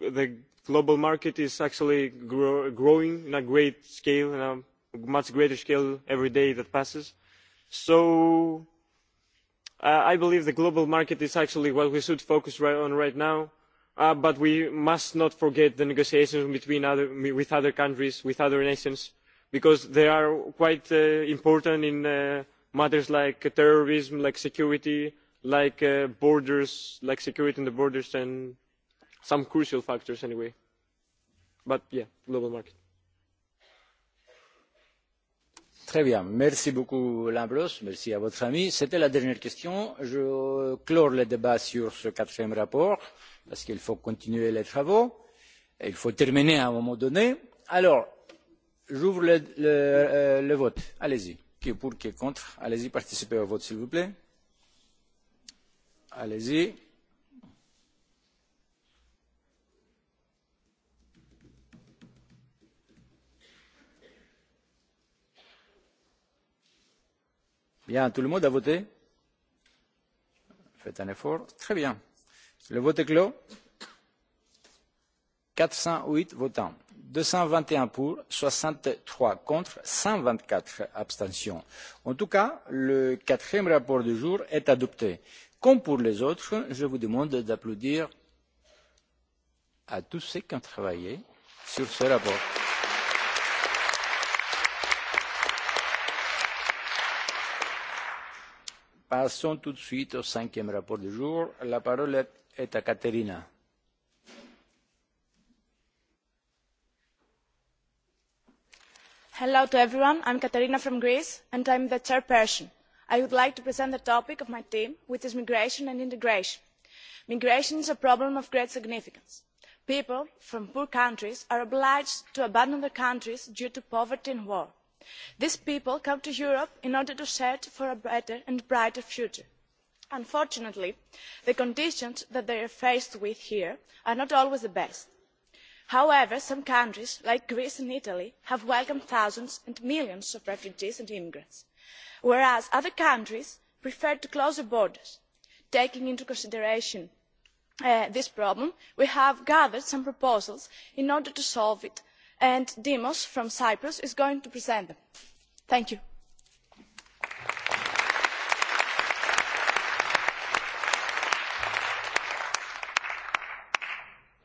the global market is actually grow, growing in a great scale, in a much greater scale every day that passes. So uh, I believe the global market is actually what we should focus right on right now but we must not forget the negotiations with other countries with other nations because they are quite important in matters like terrorism like security like borders like security in the borders and some crucial factors anyway but yeah global market Très bien. Merci beaucoup, Lambros. Merci à votre ami. C'était la dernière question. Je clore le débat sur ce quatrième rapport parce qu'il faut continuer les travaux, et il faut terminer à un moment donné. Alors, j'ouvre le, le, le vote. Allez-y. Qui est pour, qui est contre Allez-y, participez au vote, s'il vous plaît. Allez-y. Bien, tout le monde a voté Faites un effort. Très bien. Le vote est clos. Quatre cent huit votants. deux cent vingt et un pour, soixante-trois contre, cent vingt-quatre abstentions. En tout cas, le quatrième rapport du jour est adopté. Comme pour les autres, je vous demande d'applaudir à tous ceux qui ont travaillé sur ce rapport. Passons tout de suite au cinquième rapport du jour. La parole est eta Hello to everyone. I'm Katerina from Greece, and I'm the chairperson. I would like to present the topic of my team, which is migration and integration. Migration is a problem of great significance. People from poor countries are obliged to abandon their countries due to poverty and war. These people come to Europe in order to search for a better and brighter future unfortunately the conditions that they are faced with here are not always the best. however some countries like greece and italy have welcomed thousands and millions of refugees and immigrants whereas other countries prefer to close their borders. taking into consideration this problem we have gathered some proposals in order to solve it and dimos from cyprus is going to present them. thank you.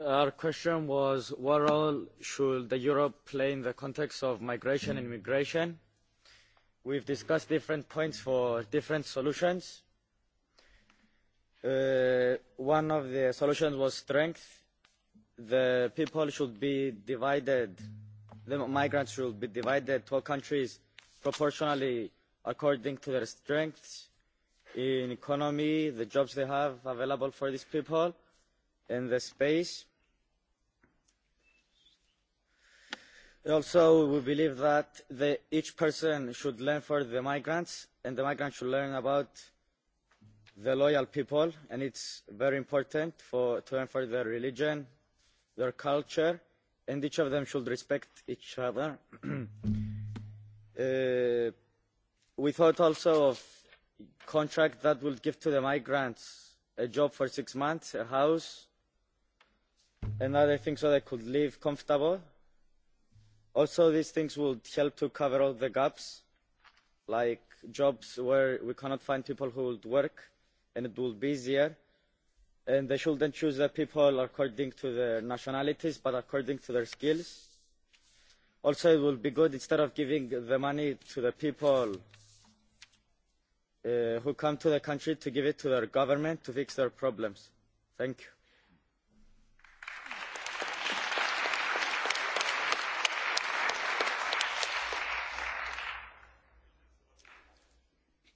Our question was, what role should the Europe play in the context of migration and immigration? We've discussed different points for different solutions. Uh, one of the solutions was strength. The people should be divided, the migrants should be divided to countries proportionally according to their strengths in economy, the jobs they have available for these people, and the space Also, we believe that the, each person should learn for the migrants, and the migrants should learn about the loyal people, and it's very important for, to learn for their religion, their culture, and each of them should respect each other. uh, we thought also of contract that would give to the migrants a job for six months, a house, and other things so they could live comfortable also these things will help to cover all the gaps like jobs where we cannot find people who would work and it will be easier and they shouldn't choose the people according to their nationalities but according to their skills also it will be good instead of giving the money to the people uh, who come to the country to give it to their government to fix their problems thank you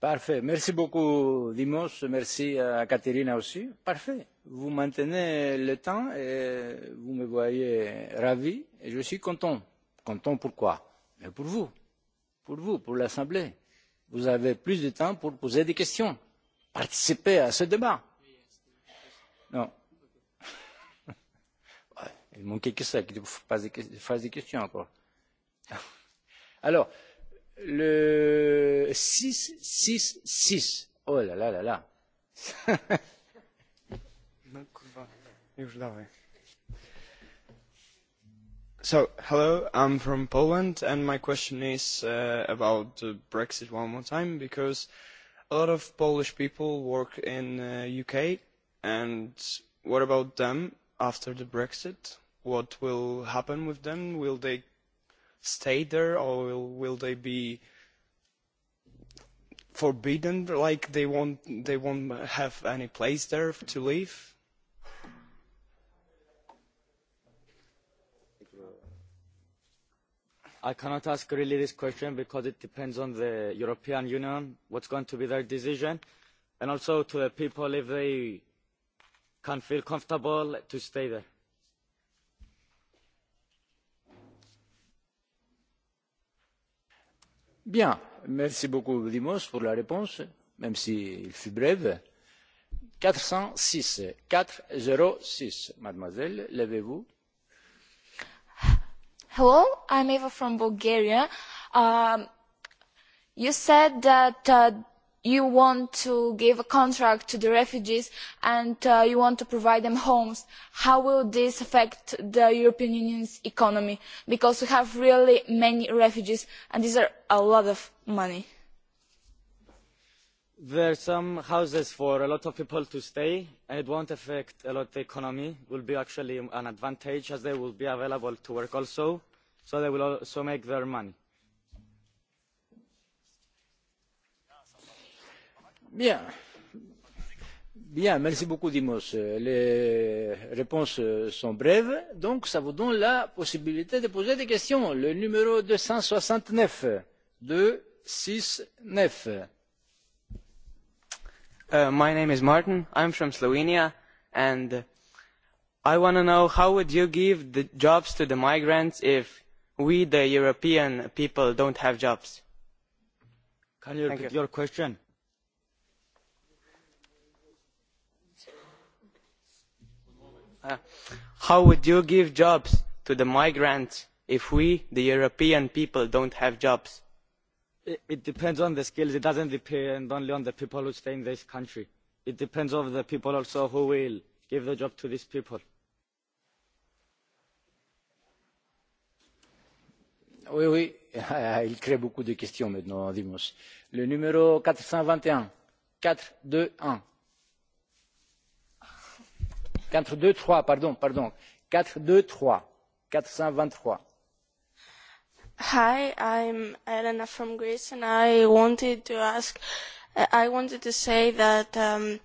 Parfait. Merci beaucoup, Dimos. Merci à Katerina aussi. Parfait. Vous maintenez le temps et vous me voyez ravi. Et je suis content. Content pourquoi Mais pour vous. Pour vous, pour l'Assemblée. Vous avez plus de temps pour poser des questions. participer à ce débat. Non. Il manquait que ça, qu'il fasse des questions encore. Alors, le 6, 6, 6. Oh là là là là. so, hello, I'm from Poland, and my question is uh, about uh, Brexit one more time because a lot of Polish people work in uh, UK, and what about them after the Brexit? What will happen with them? Will they stay there, or will will they be forbidden? Like they won't they won't have any place there to live? I cannot ask really this question because it depends on the European Union, what's going to be their decision, and also to the people if they can feel comfortable to stay there. Bien, merci beaucoup Dimos pour la réponse, même s'il fut brève. 406, 406, mademoiselle, levez-vous. Hello, I'm Eva from Bulgaria. Um, you said that uh, you want to give a contract to the refugees and you want to provide them homes how will this affect the european union's economy because we have really many refugees and these are a lot of money. there are some houses for a lot of people to stay and it won't affect a lot the economy it will be actually an advantage as they will be available to work also so they will also make their money Bien. Bien, merci beaucoup Dimos. Les réponses sont brèves, donc ça vous donne la possibilité de poser des questions. Le numéro 269. 269. Uh, my name is Martin. I'm from Slovenia and I want to know how would you give the jobs to the migrants if we, the European people, don't have jobs? Can you repeat your question? how would you give jobs to the migrants if we the european people do not have jobs? it depends on the skills it does not depend only on the people who stay in this country it depends on the people also who will give the job to these people. Oui, oui, il crée beaucoup de questions maintenant, Dimos. Le numéro 421, 421 quatre deux trois pardon pardon quatre deux trois quatre cent vingt trois. Hi, I'm Elena from Greece, and I wanted to ask, I wanted to say that um,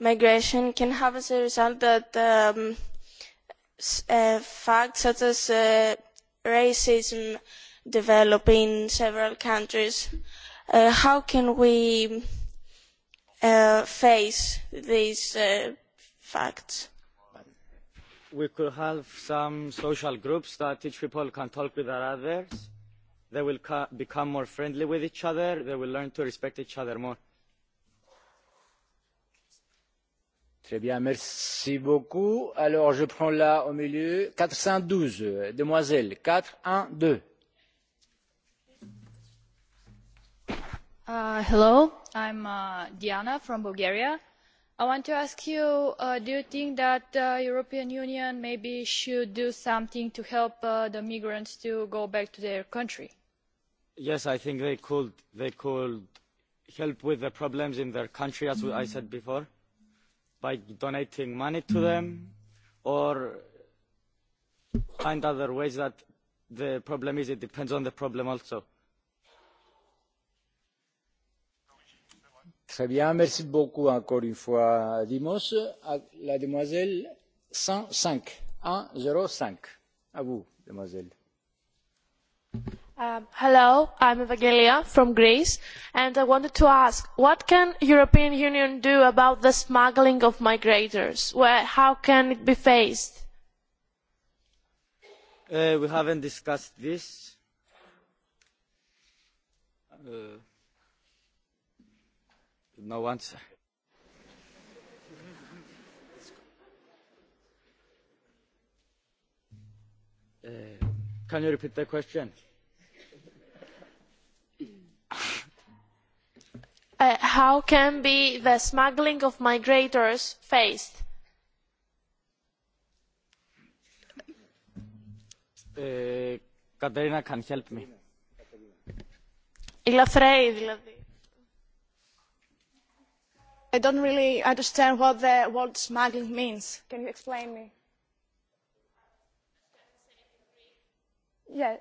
migration can have as a result that um, uh, facts such as uh, racism develop in several countries. Uh, how can we uh, face these uh, facts? we could have some social groups that teach people can talk with others. They will become more friendly with each other. They will learn to respect each other more. Très bien, merci beaucoup. Alors, je prends là au milieu 412, demoiselle 412. Uh, hello, I'm uh, Diana from Bulgaria I want to ask you, do you think that the European Union maybe should do something to help the migrants to go back to their country? Yes, I think they could. They could help with the problems in their country, as I said before, by donating money to them or find other ways that the problem is. It depends on the problem also Très bien, merci beaucoup encore une fois, Dimos. La demoiselle 105, 105. À vous, demoiselle. Um, hello, I'm Evangelia from Greece, and I wanted to ask, what can European Union do about the smuggling of migrators? Where, how can it be faced? Uh, we haven't discussed this. Uh, no answer. Uh, can you repeat the question? Uh, how can be the smuggling of migrators faced? Uh, Katerina can help me. Ελαφραίοι δηλαδή. I don't really understand what the word smuggling means. Can you explain to me? Yeah.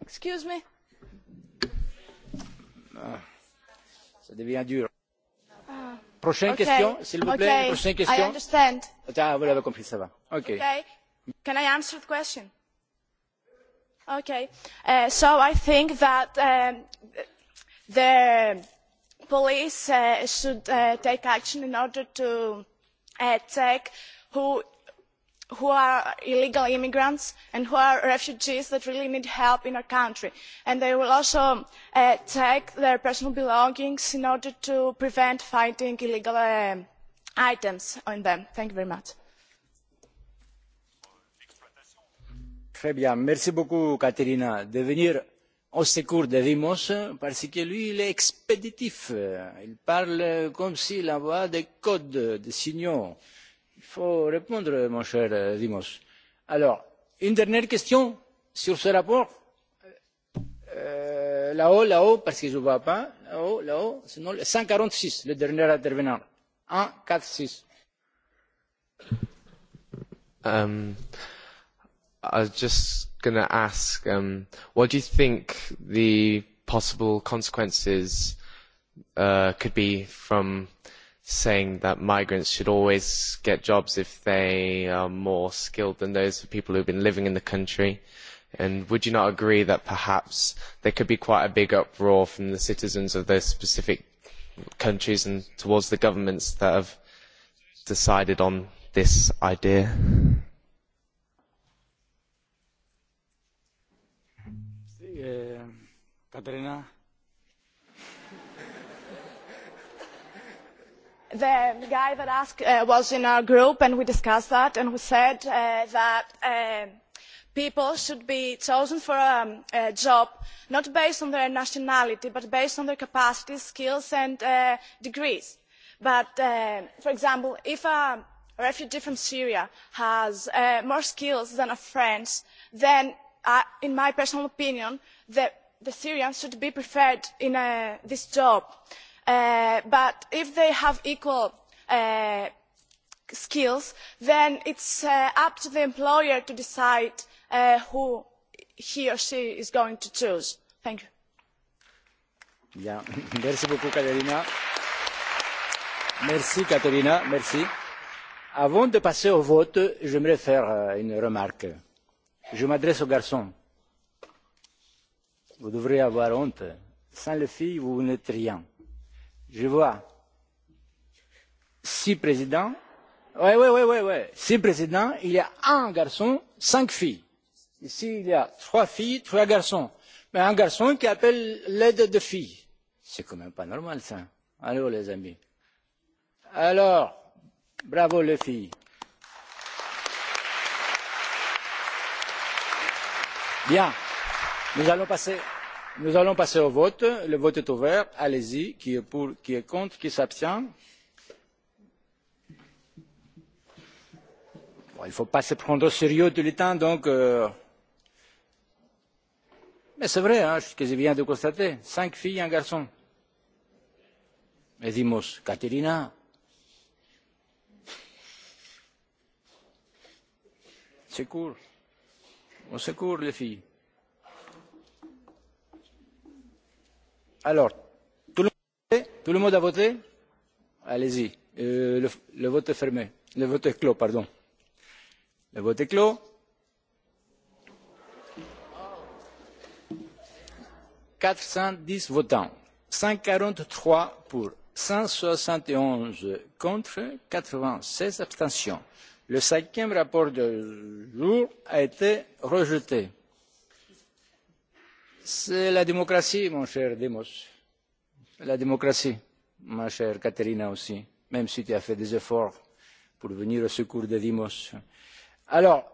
Excuse me. Ça devient dur. Prochaine question, s'il vous plaît. Prochaine question. I understand. Ah, vous l'avez compris, ça va. Okay. okay. Can I answer the question? Okay, uh, so I think that um, the police uh, should uh, take action in order to uh, check who who are illegal immigrants and who are refugees that really need help in our country. And they will also uh, take their personal belongings in order to prevent finding illegal uh, items on them. Thank you very much. Très bien. Merci beaucoup, Katerina, de venir au secours de Dimos, parce que lui, il est expéditif. Il parle comme s'il envoie des codes, des signaux. Il faut répondre, mon cher Dimos. Alors, une dernière question sur ce rapport. Euh, là-haut, là-haut, parce que je ne vois pas. Là-haut, là-haut, sinon le 146, le dernier intervenant. 1, 4, 6. Um, I was just going to ask, um, what do you think the possible consequences uh, could be from saying that migrants should always get jobs if they are more skilled than those of people who have been living in the country? And would you not agree that perhaps there could be quite a big uproar from the citizens of those specific countries and towards the governments that have decided on this idea? Katerina? The guy that asked uh, was in our group, and we discussed that, and we said uh, that uh, people should be chosen for a, a job not based on their nationality, but based on their capacities, skills, and uh, degrees. But, uh, for example, if a refugee from Syria has uh, more skills than a French, then, uh, in my personal opinion, the the syrians should be preferred in this job but if they have equal skills then it is up to the employer to decide who he or she is going to choose. thank you. Avant de passer au vote, j'aimerais faire une remarque. Je m'adresse aux garçons vous devriez avoir honte. Sans les filles, vous n'êtes rien. Je vois six présidents. Oui, oui, oui, oui, oui. Six présidents, il y a un garçon, cinq filles. Ici, il y a trois filles, trois garçons. Mais un garçon qui appelle l'aide de filles. C'est quand même pas normal, ça. Alors, les amis. Alors, bravo les filles. Bien. Nous allons passer, nous allons passer au vote. Le vote est ouvert. Allez-y. Qui est pour, qui est contre, qui s'abstient bon, Il ne faut pas se prendre au sérieux tout le temps, donc. Euh... Mais c'est vrai, hein, ce que je viens de constater. Cinq filles et un garçon. Et dimos, Katerina. C'est court. On secourt les filles. Alors, tout le monde, tout le monde a voté Allez-y. Euh, le, le vote est fermé. Le vote est clos, pardon. Le vote est clos. 410 votants, 143 pour, 171 contre, 96 abstentions. Le cinquième rapport de jour a été rejeté C'est la démocratie, mon cher Demos. La démocratie, ma chère Katerina aussi, même si tu as fait des efforts pour venir au secours de Demos. Alors,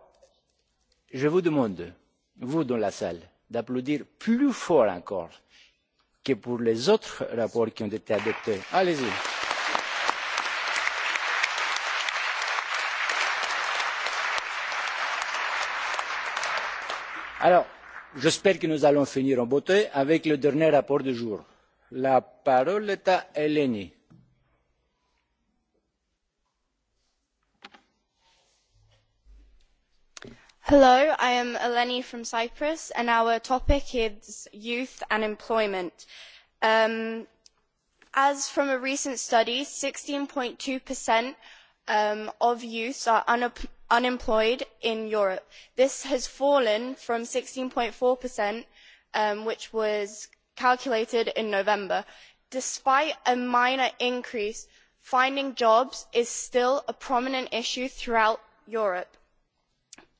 je vous demande, vous dans la salle, d'applaudir plus fort encore que pour les autres rapports qui ont été adoptés. Allez-y. Alors, j'espère que nous allons finir en beauté avec le dernier rapport du jour. la parole est à eleni. Hello, I am Eleni from Cyprus, and our topic is youth and employment. Um, as from a recent study, 16.2% um, of youths are unemployed unemployed in Europe. This has fallen from 16.4%, um, which was calculated in November. Despite a minor increase, finding jobs is still a prominent issue throughout Europe.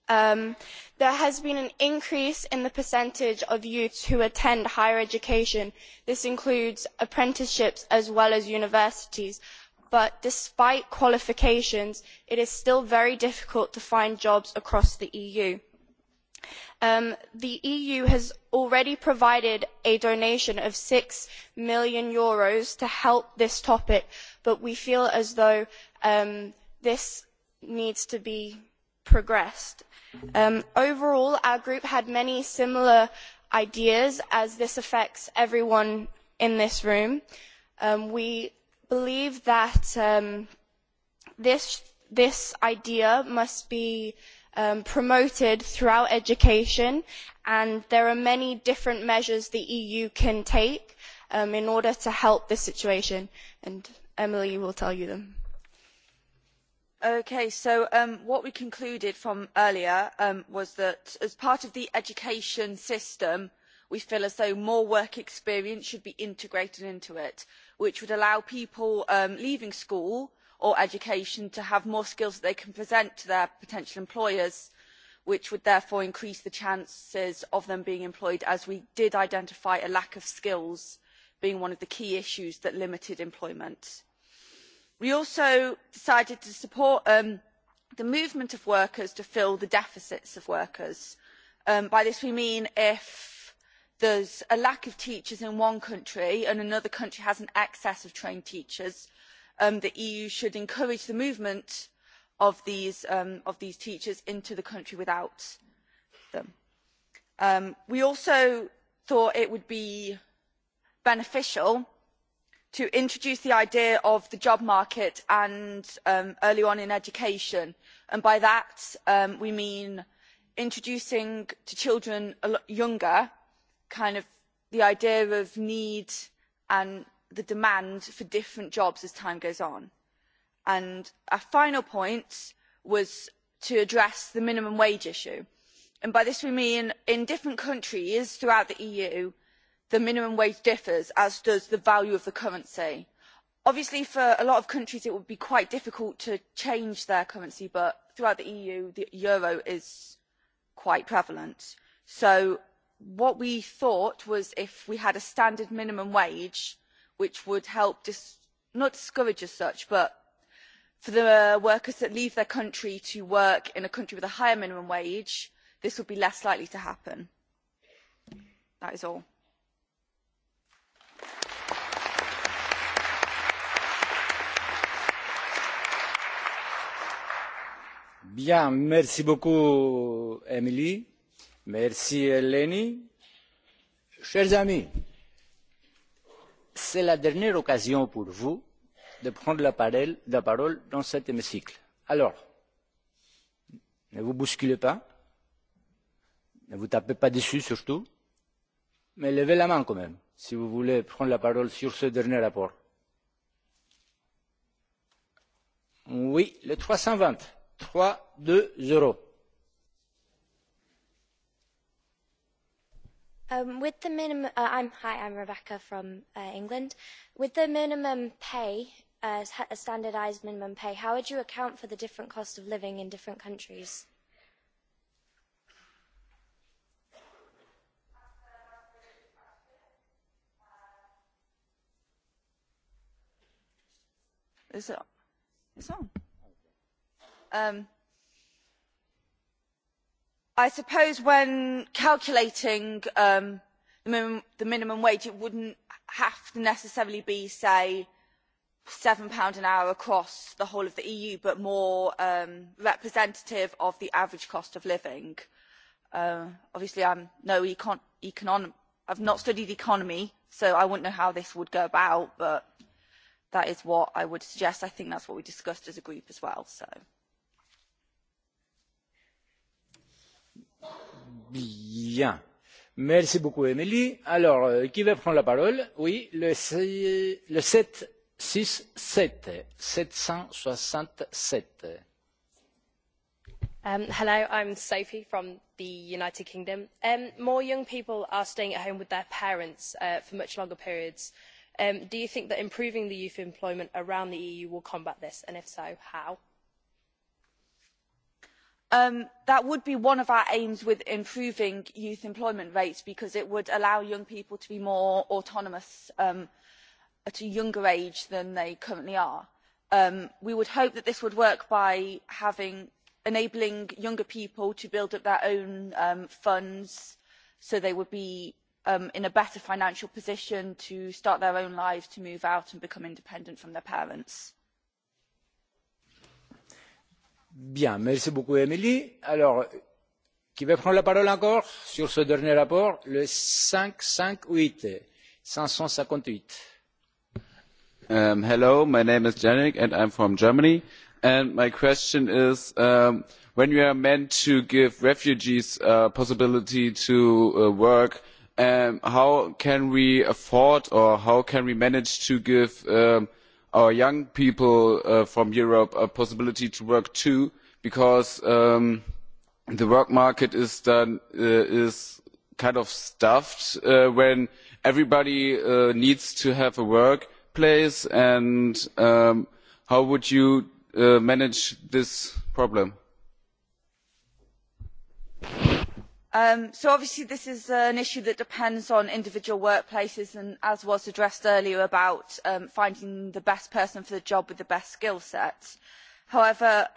Um, there has been an increase in the percentage of youths who attend higher education. This includes apprenticeships as well as universities but despite qualifications it is still very difficult to find jobs across the eu. the eu has already provided a donation of eur six million to help this topic but we feel as though this needs to be progressed. overall our group had many similar ideas as this affects everyone in this room. we believe that um, this this idea must be um, promoted throughout education, and there are many different measures the EU can take um, in order to help this situation. And Emily will tell you them. Okay, so um, what we concluded from earlier um, was that as part of the education system, we feel as though more work experience should be integrated into it which would allow people leaving school or education to have more skills that they can present to their potential employers which would therefore increase the chances of them being employed as we did identify a lack of skills being one of the key issues that limited employment. we also decided to support the movement of workers to fill the deficits of workers. by this we mean if there is a lack of teachers in one country and another country has an excess of trained teachers the eu should encourage the movement of these teachers into the country without them. we also thought it would be beneficial to introduce the idea of the job market early on in education and by that we mean introducing to children younger kind of the idea of need and the demand for different jobs as time goes on. And our final point was to address the minimum wage issue. And by this we mean in different countries throughout the EU, the minimum wage differs, as does the value of the currency. Obviously, for a lot of countries, it would be quite difficult to change their currency, but throughout the EU, the euro is quite prevalent. So what we thought was if we had a standard minimum wage which would help dis not discourage as such but for the workers that leave their country to work in a country with a higher minimum wage this would be less likely to happen. that is all. Merci Eleni. Chers amis, c'est la dernière occasion pour vous de prendre la parole, dans cet hémicycle. Alors, ne vous bousculez pas, ne vous tapez pas dessus surtout, mais levez la main quand même si vous voulez prendre la parole sur ce dernier rapport. Oui, le 320, 3, 2, 0. Um, with the minimum, uh, I'm, hi, I'm Rebecca from uh, England. With the minimum pay, uh, a standardised minimum pay, how would you account for the different cost of living in different countries? Is it, it's on. Um, i suppose when calculating the minimum wage it would not have to necessarily be say gbp seven an hour across the whole of the eu but more representative of the average cost of living. obviously i have not studied economy so i would not know how this would go about but that is what i would suggest. i think that is what we discussed as a group as well. so. bien. Merci beaucoup, Émilie. Alors, qui va prendre la parole Oui, le, le 7, 6, 7, 767. Um, hello, I'm Sophie from the United Kingdom. Um, more young people are staying at home with their parents uh, for much longer periods. Um, do you think that improving the youth employment around the EU will combat this, and if so, how? that would be one of our aims with improving youth employment rates because it would allow young people to be more autonomous at a younger age than they currently are. we would hope that this would work by enabling younger people to build up their own funds so they would be in a better financial position to start their own lives to move out and become independent from their parents. Bien, merci beaucoup, Émilie. Alors, qui veut prendre la parole encore sur ce dernier rapport, le 558, 558. Um, hello, my name is Janik and I'm from Germany. And my question is, um, when you are meant to give refugees a possibility to uh, work, um, how can we afford or how can we manage to give um, – our young people from Europe a possibility to work too, because the work market is done is kind of stuffed when everybody needs to have a workplace. And how would you manage this problem? so obviously this is an issue that depends on individual workplaces and as was addressed earlier about finding the best person for the job with the best skill set. however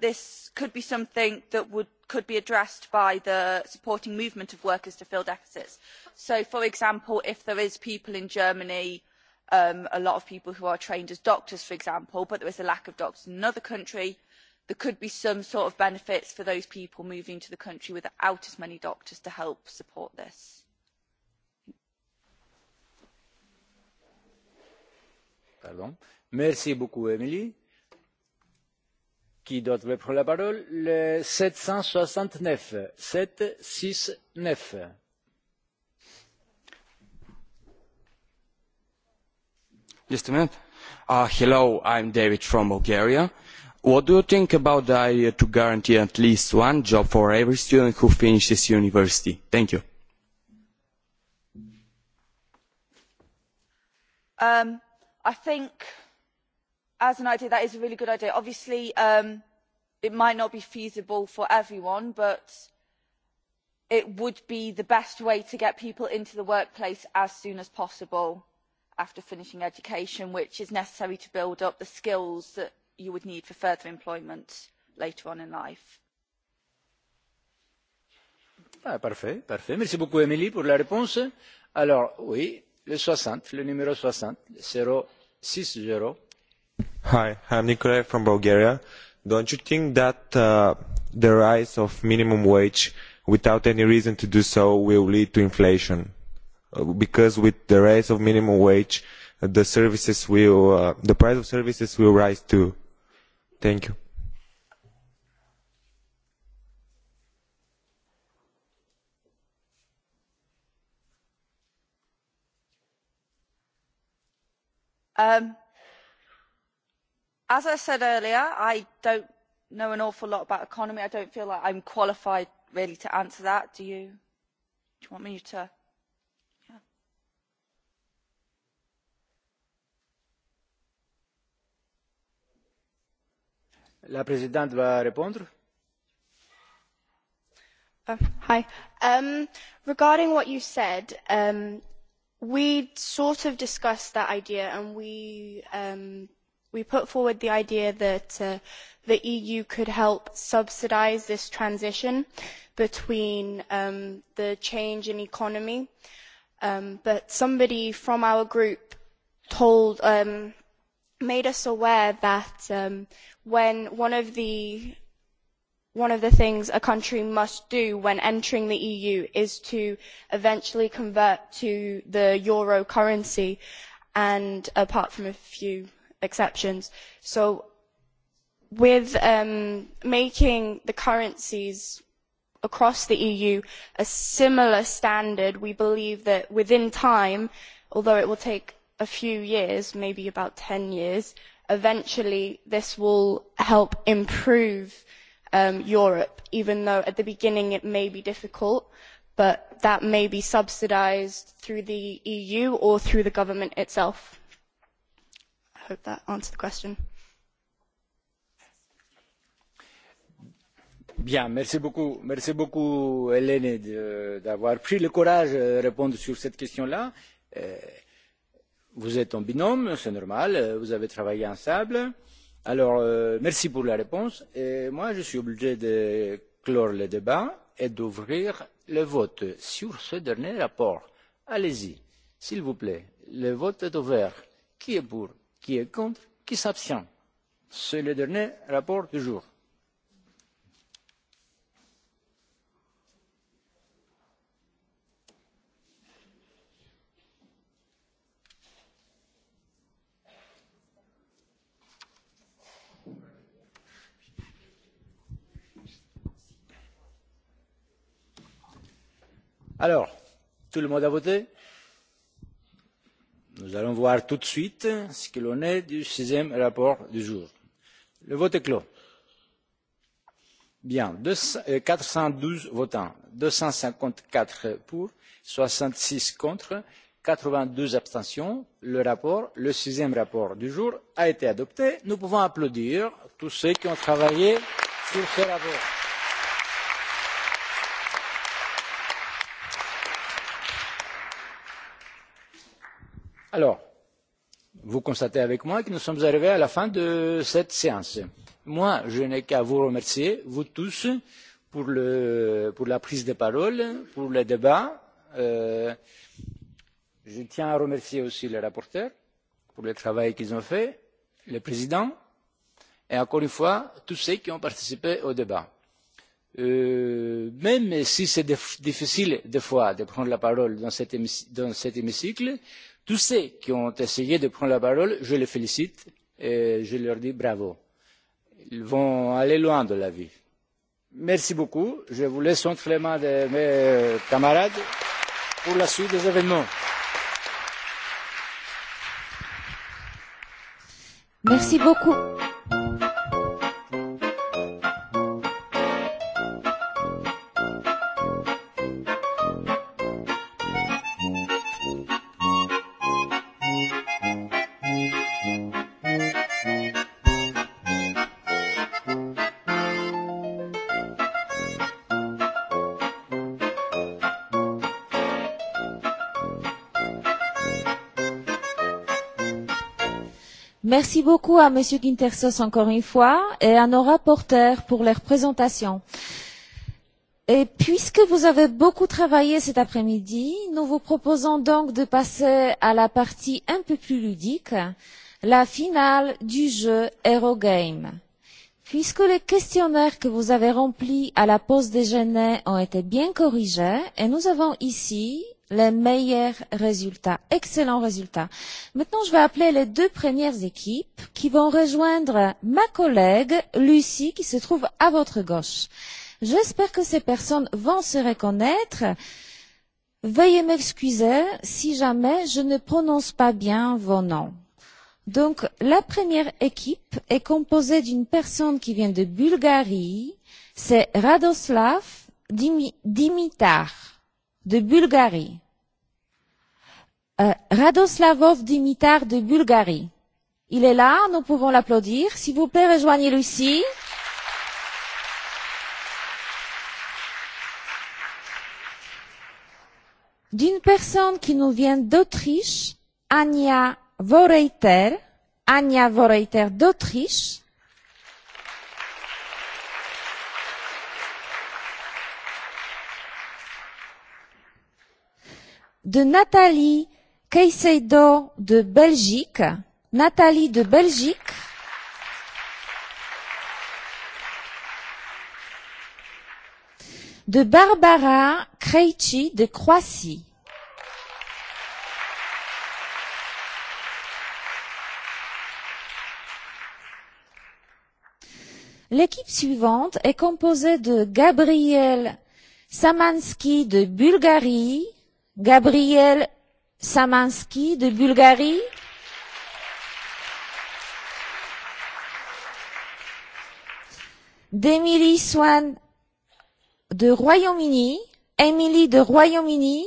this could be something that could be addressed by the supporting movement of workers to fill deficits. so for example if there are people in germany a lot of people who are trained as doctors for example but there is a lack of doctors in another country there could be some sort of benefits for those people moving to the country without as many doctors to help support this. Merci beaucoup, Emily. Qui d'autre veut prendre la parole Le 769. 769. Yes, ma'am. Uh, hello, I'm David from Bulgaria What do you think about the idea to guarantee at least one job for every student who finishes university? Thank you. Um, I think, as an idea, that is a really good idea. Obviously, um, it might not be feasible for everyone, but it would be the best way to get people into the workplace as soon as possible after finishing education, which is necessary to build up the skills that you would need for further employment later on in life. parfait, parfait. Merci beaucoup, Emily pour la réponse. Alors, oui, le 60, le numéro 60, 060. Hi, I'm Nicolae from Bulgaria. Don't you think that uh, the rise of minimum wage without any reason to do so will lead to inflation? Because with the rise of minimum wage, the services will, uh, the price of services will rise too Thank you. Um, as I said earlier, I don't know an awful lot about economy. I don't feel like I'm qualified really to answer that. Do you? Do you want me to? La présidente va répondre. hi. Um, regarding what you said, um, we sort of discussed that idea and we, um, we put forward the idea that uh, the EU could help subsidize this transition between um, the change in economy. Um, but somebody from our group told, um, made us aware that um, when one of the one of the things a country must do when entering the EU is to eventually convert to the euro currency, and apart from a few exceptions. So, with um, making the currencies across the EU a similar standard, we believe that within time, although it will take a few years, maybe about 10 years, eventually this will help improve Europe, even though at the beginning it may be difficult, but that may be subsidised through the EU or through the government itself. I hope that answered the question. Bien, merci beaucoup, merci beaucoup Hélène d'avoir pris le courage de répondre sur cette question-là Vous êtes en binôme, c'est normal, vous avez travaillé ensemble. Alors, euh, merci pour la réponse. Et moi, je suis obligé de clore le débat et d'ouvrir le vote sur ce dernier rapport. Allez-y, s'il vous plaît. Le vote est ouvert. Qui est pour Qui est contre Qui s'abstient C'est le dernier rapport du jour. Alors, tout le monde a voté Nous allons voir tout de suite ce qu'il en est du sixième rapport du jour. Le vote est clos. Bien, quatre cent douze votants, deux cent cinquante quatre pour, soixante six contre, quatre vingt abstentions. Le rapport, le sixième rapport du jour, a été adopté. Nous pouvons applaudir tous ceux qui ont travaillé sur ce rapport. Alors, vous constatez avec moi que nous sommes arrivés à la fin de cette séance. Moi, je n'ai qu'à vous remercier, vous tous, pour, le, pour la prise de parole, pour le débat. Euh, je tiens à remercier aussi les rapporteurs pour le travail qu'ils ont fait, le président et encore une fois tous ceux qui ont participé au débat. même si c'est difficile des fois de prendre la parole dans cet hémicycle, Tous ceux qui ont essayé de prendre la parole, je les félicite et je leur dis bravo. Ils vont aller loin dans la vie. Merci beaucoup. Je vous laisse entre les mains de mes camarades pour la suite des événements. Merci beaucoup. Merci beaucoup à Monsieur Guintersos encore une fois et à nos rapporteurs pour leur présentation. Et puisque vous avez beaucoup travaillé cet après-midi, nous vous proposons donc de passer à la partie un peu plus ludique, la finale du jeu Eurogame. Puisque les questionnaires que vous avez remplis à la pause déjeuner ont été bien corrigés, et nous avons ici les meilleurs résultats, excellents résultats. Maintenant, je vais appeler les deux premières équipes qui vont rejoindre ma collègue Lucie qui se trouve à votre gauche. J'espère que ces personnes vont se reconnaître. Veuillez m'excuser si jamais je ne prononce pas bien vos noms. Donc, la première équipe est composée d'une personne qui vient de Bulgarie, c'est Radoslav Dimitar de Bulgarie, euh, Radoslavov Dimitar de Bulgarie. Il est là, nous pouvons l'applaudir. S'il vous plaît, rejoignez Lucie. D'une personne qui nous vient d'Autriche, Anja Voreiter, Anja Voreiter d'Autriche, de Nathalie Caicedo de Belgique. Nathalie de Belgique. de Barbara Krejci de Croatie. L'équipe suivante est composée de Gabriel Samanski de Bulgarie, Gabriel Samansky de Bulgarie. D'Emily Swan de Royaume-Uni. Emily de Royaume-Uni.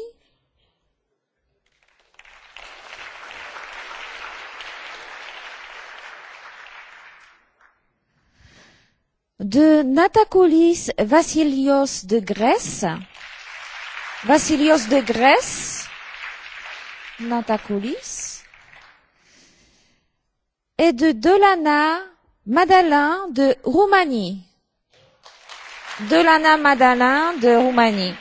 De Natakoulis Vassilios de Grèce. Vassilios de Grèce, Nantakoulis, et de Delana Madalin de Roumanie. Delana Madalin de Roumanie.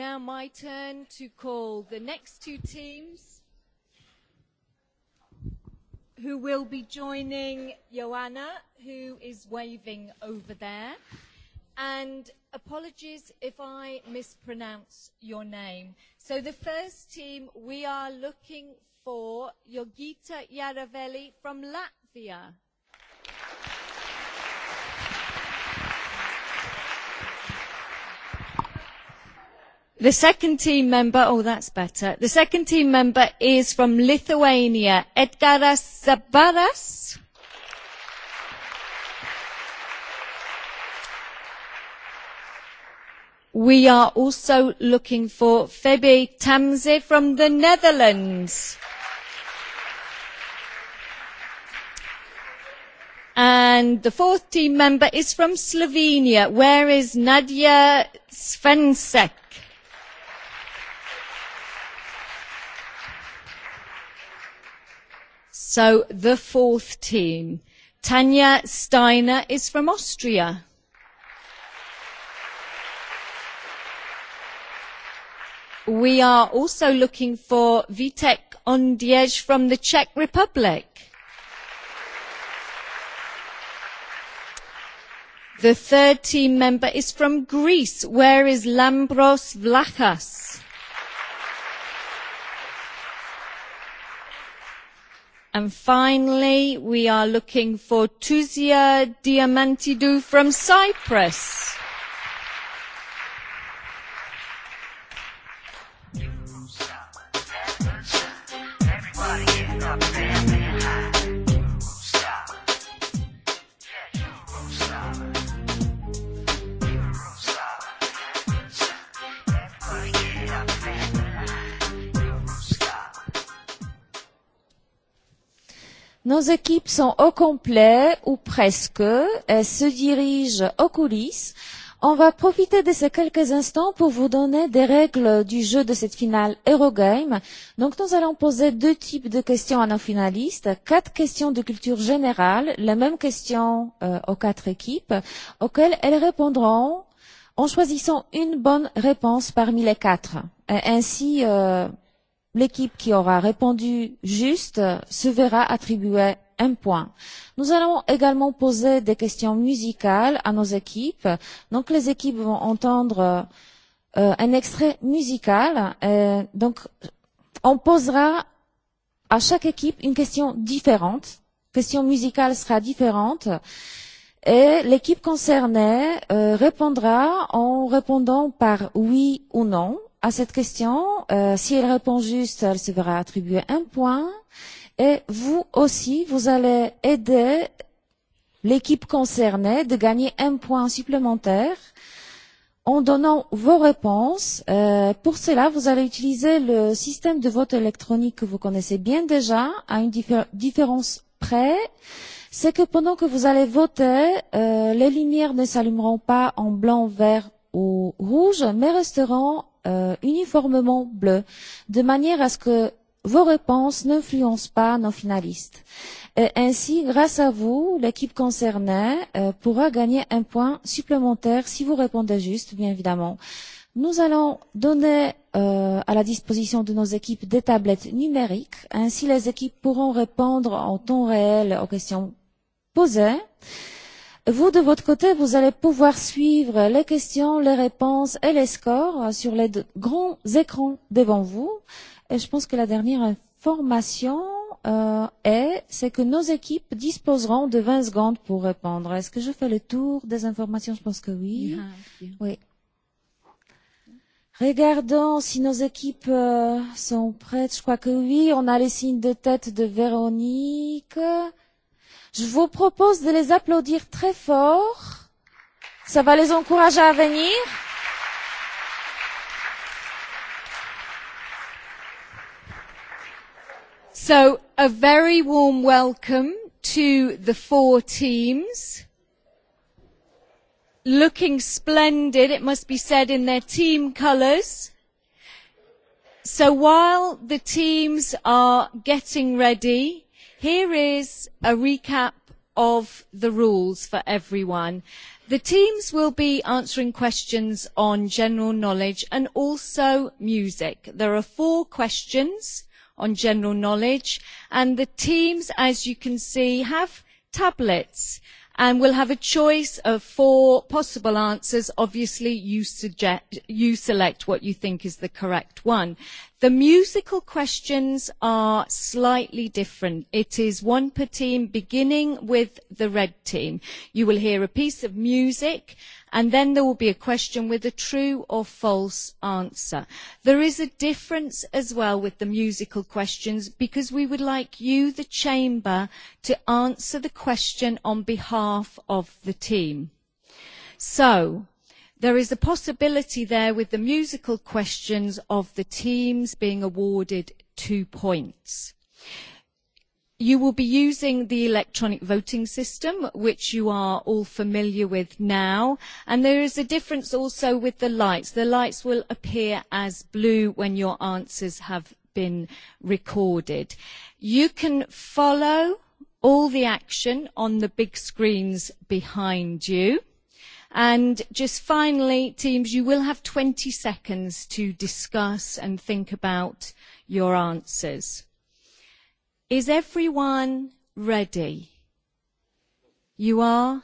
now my turn to call the next two teams who will be joining Joanna, who is waving over there. And apologies if I mispronounce your name. So the first team, we are looking for Yogita Yaravelli from Latvia. The second team member, oh that's better. The second team member is from Lithuania, Edgaras Zabaras. We are also looking for Febe Tamze from the Netherlands. And the fourth team member is from Slovenia. Where is Nadia Svensek? So the fourth team. Tanja Steiner is from Austria. We are also looking for Vitek Ondiej from the Czech Republic. The third team member is from Greece. Where is Lambros Vlachas? And finally, we are looking for Tuzia Diamantidou from Cyprus. Nos équipes sont au complet, ou presque, et se dirigent aux coulisses. On va profiter de ces quelques instants pour vous donner des règles du jeu de cette finale Eurogame. Donc nous allons poser deux types de questions à nos finalistes. Quatre questions de culture générale, les mêmes questions euh, aux quatre équipes, auxquelles elles répondront en choisissant une bonne réponse parmi les quatre. Et ainsi, euh, L'équipe qui aura répondu juste se verra attribuer un point. Nous allons également poser des questions musicales à nos équipes. Donc les équipes vont entendre euh, un extrait musical. Et donc on posera à chaque équipe une question différente. Question musicale sera différente. Et l'équipe concernée euh, répondra en répondant par oui ou non à cette question. Euh, si elle répond juste, elle se verra attribuer un point. Et vous aussi, vous allez aider l'équipe concernée de gagner un point supplémentaire en donnant vos réponses. Euh, pour cela, vous allez utiliser le système de vote électronique que vous connaissez bien déjà, à une diffé différence près. C'est que pendant que vous allez voter, euh, les lumières ne s'allumeront pas en blanc, vert ou rouge, mais resteront euh, uniformément bleu, de manière à ce que vos réponses n'influencent pas nos finalistes. Et ainsi, grâce à vous, l'équipe concernée euh, pourra gagner un point supplémentaire si vous répondez juste, bien évidemment. Nous allons donner euh, à la disposition de nos équipes des tablettes numériques. Ainsi, les équipes pourront répondre en temps réel aux questions posées. Euh, Vous, de votre côté, vous allez pouvoir suivre les questions, les réponses et les scores sur les grands écrans devant vous. Et je pense que la dernière information euh, est, c'est que nos équipes disposeront de 20 secondes pour répondre. Est-ce que je fais le tour des informations Je pense que oui. Oui. Regardons si nos équipes euh, sont prêtes. Je crois que oui. On a les signes de tête de Véronique. Euh, Je vous propose de les applaudir très fort. Ça va les encourager à venir. So, a very warm welcome to the four teams. Looking splendid, it must be said, in their team colours. So while the teams are getting ready, Here is a recap of the rules for everyone. The teams will be answering questions on general knowledge and also music. There are four questions on general knowledge and the teams, as you can see, have tablets and we'll have a choice of four possible answers. Obviously, you, suggest, you select what you think is the correct one. The musical questions are slightly different. It is one per team, beginning with the red team. You will hear a piece of music and then there will be a question with a true or false answer. There is a difference as well with the musical questions because we would like you, the chamber, to answer the question on behalf of the team. So, there is a possibility there with the musical questions of the teams being awarded two points. You will be using the electronic voting system, which you are all familiar with now. And there is a difference also with the lights. The lights will appear as blue when your answers have been recorded. You can follow all the action on the big screens behind you. And just finally, teams, you will have 20 seconds to discuss and think about your answers. Is everyone ready? You are?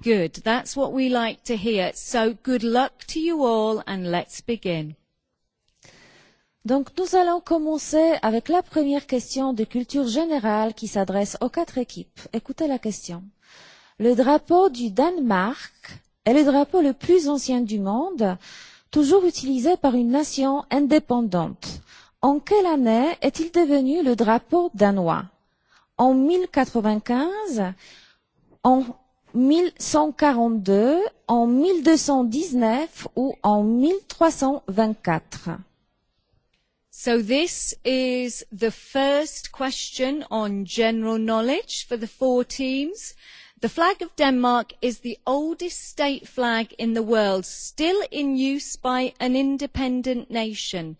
Good. That's what we like to hear. So good luck to you all and let's begin. Donc nous allons commencer avec la première question de culture générale qui s'adresse aux quatre équipes. Écoutez la question. Le drapeau du Danemark est le drapeau le plus ancien du monde, toujours utilisé par une nation indépendante. En quelle année est-il devenu le drapeau danois En 1095, en 1142, en 1219 ou en 1324 So this is the first question on general knowledge for the four teams. The flag of Denmark is the oldest state flag in the world, still in use by an independent nation.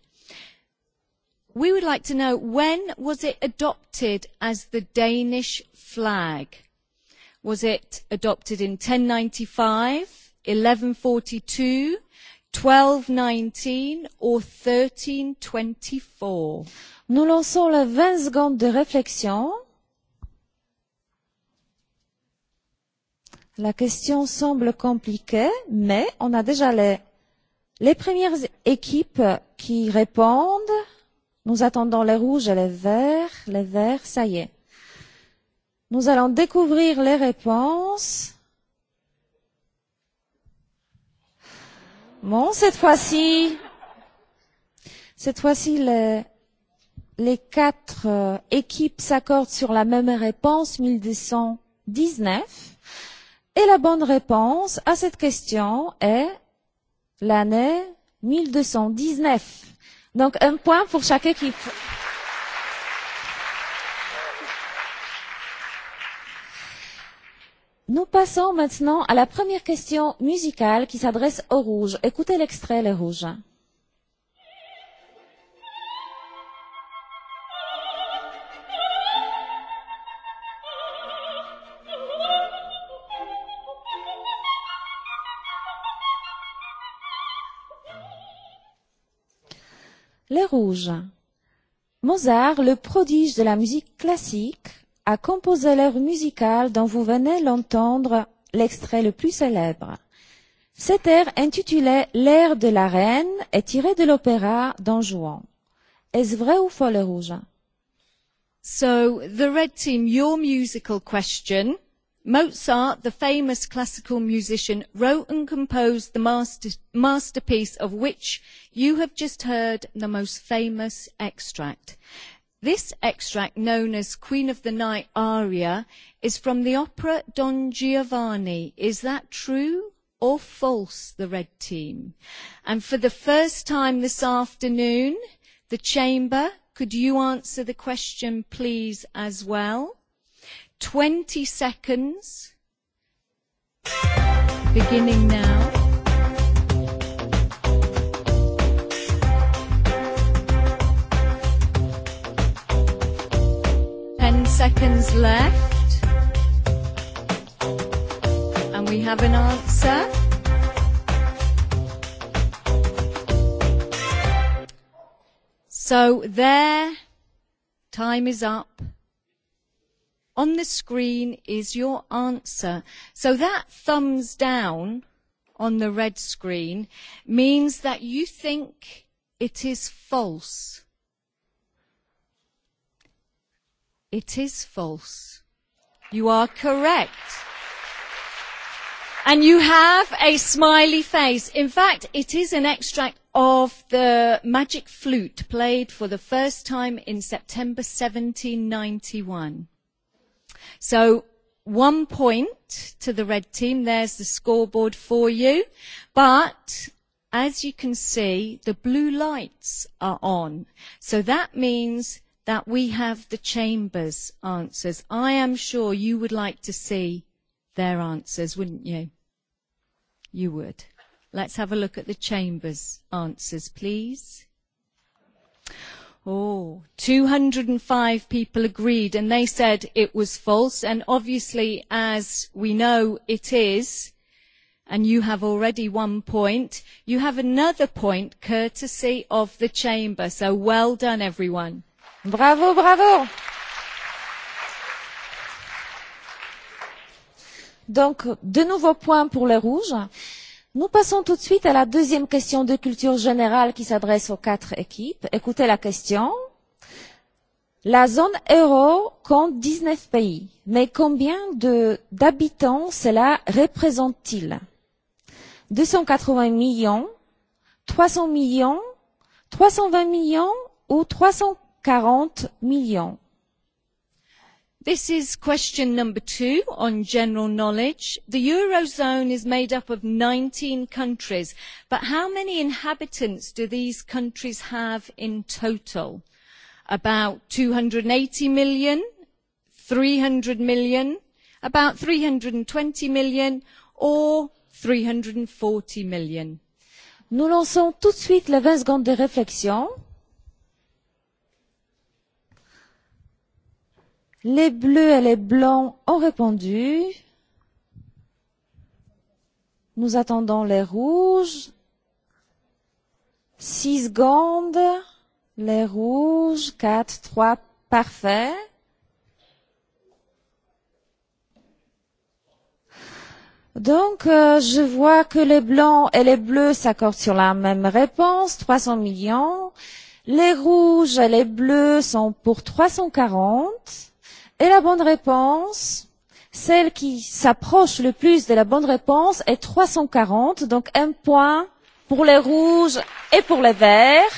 We would like to know when was it adopted as the Danish flag? Was it adopted in 1095, 1142, 1219 or 1324? Nous lançons la 20 secondes de réflexion. La question semble compliquée, mais on a déjà les, les premières équipes qui répondent. Nous attendons les rouges et les verts. Les verts, ça y est. Nous allons découvrir les réponses. Bon, cette fois-ci, cette fois-ci, les, les quatre euh, équipes s'accordent sur la même réponse, 1219. Et la bonne réponse à cette question est l'année 1219. Donc un point pour chaque équipe. Nous passons maintenant à la première question musicale qui s'adresse aux rouges. Écoutez l'extrait, les rouges. Les Rouges. Mozart, le prodige de la musique classique, a composé l'œuvre musicale dont vous venez l'entendre l'extrait le plus célèbre. Cet air intitulé L'air de la reine est tiré de l'opéra Don Juan. Est-ce vrai ou faux, les Rouges? So, the red team, your musical question Mozart, the famous classical musician, wrote and composed the master- masterpiece of which you have just heard the most famous extract. This extract, known as Queen of the Night aria, is from the opera Don Giovanni. Is that true or false, the red team? And for the first time this afternoon, the chamber, could you answer the question, please, as well? 20 seconds. Beginning now. Ten seconds left. And we have an answer. So there, time is up on the screen is your answer. So that thumbs down on the red screen means that you think it is false. It is false. You are correct. And you have a smiley face. In fact, it is an extract of the magic flute played for the first time in September 1791. So one point to the red team. There's the scoreboard for you. But as you can see, the blue lights are on. So that means that we have the chamber's answers. I am sure you would like to see their answers, wouldn't you? You would. Let's have a look at the chamber's answers, please. Oh, 205 people agreed and they said it was false. And obviously, as we know, it is. And you have already one point. You have another point courtesy of the chamber. So well done, everyone. Bravo, bravo. Donc, de nouveaux points pour les rouges. Nous passons tout de suite à la deuxième question de culture générale qui s'adresse aux quatre équipes. Écoutez la question. La zone euro compte 19 pays, mais combien d'habitants cela représente-t-il 280 millions, 300 millions, 320 millions ou 340 millions This is question number two on general knowledge. The Eurozone is made up of 19 countries, but how many inhabitants do these countries have in total? About 280 million, 300 million, about 320 million, or 340 million? Nous lançons tout de suite la 20 secondes de réflexion Les bleus et les blancs ont répondu. Nous attendons les rouges. Six secondes. Les rouges. Quatre, trois, parfait. Donc, euh, je vois que les blancs et les bleus s'accordent sur la même réponse, 300 millions. Les rouges et les bleus sont pour 340. Et la bonne réponse, celle qui s'approche le plus de la bonne réponse est 340, donc un point pour les rouges et pour les verts.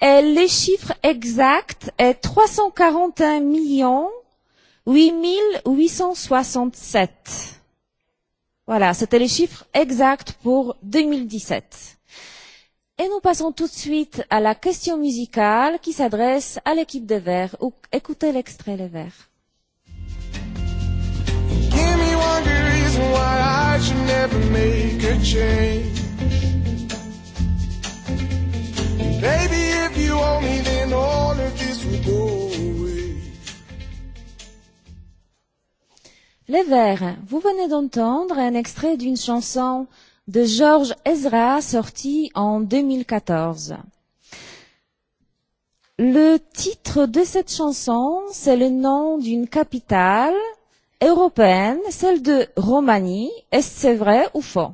Et les chiffres exacts est 341 millions 8867. Voilà, c'était les chiffres exacts pour 2017. Et nous passons tout de suite à la question musicale qui s'adresse à l'équipe des Verts. Écoutez l'extrait Les Verts. Give me one good reason why I should never make a change. Baby, if you me, then all of this will go away. Les Verts, vous venez d'entendre un extrait d'une chanson de Georges Ezra sorti en 2014. Le titre de cette chanson, c'est le nom d'une capitale européenne, celle de Roumanie. Est-ce c'est vrai ou faux?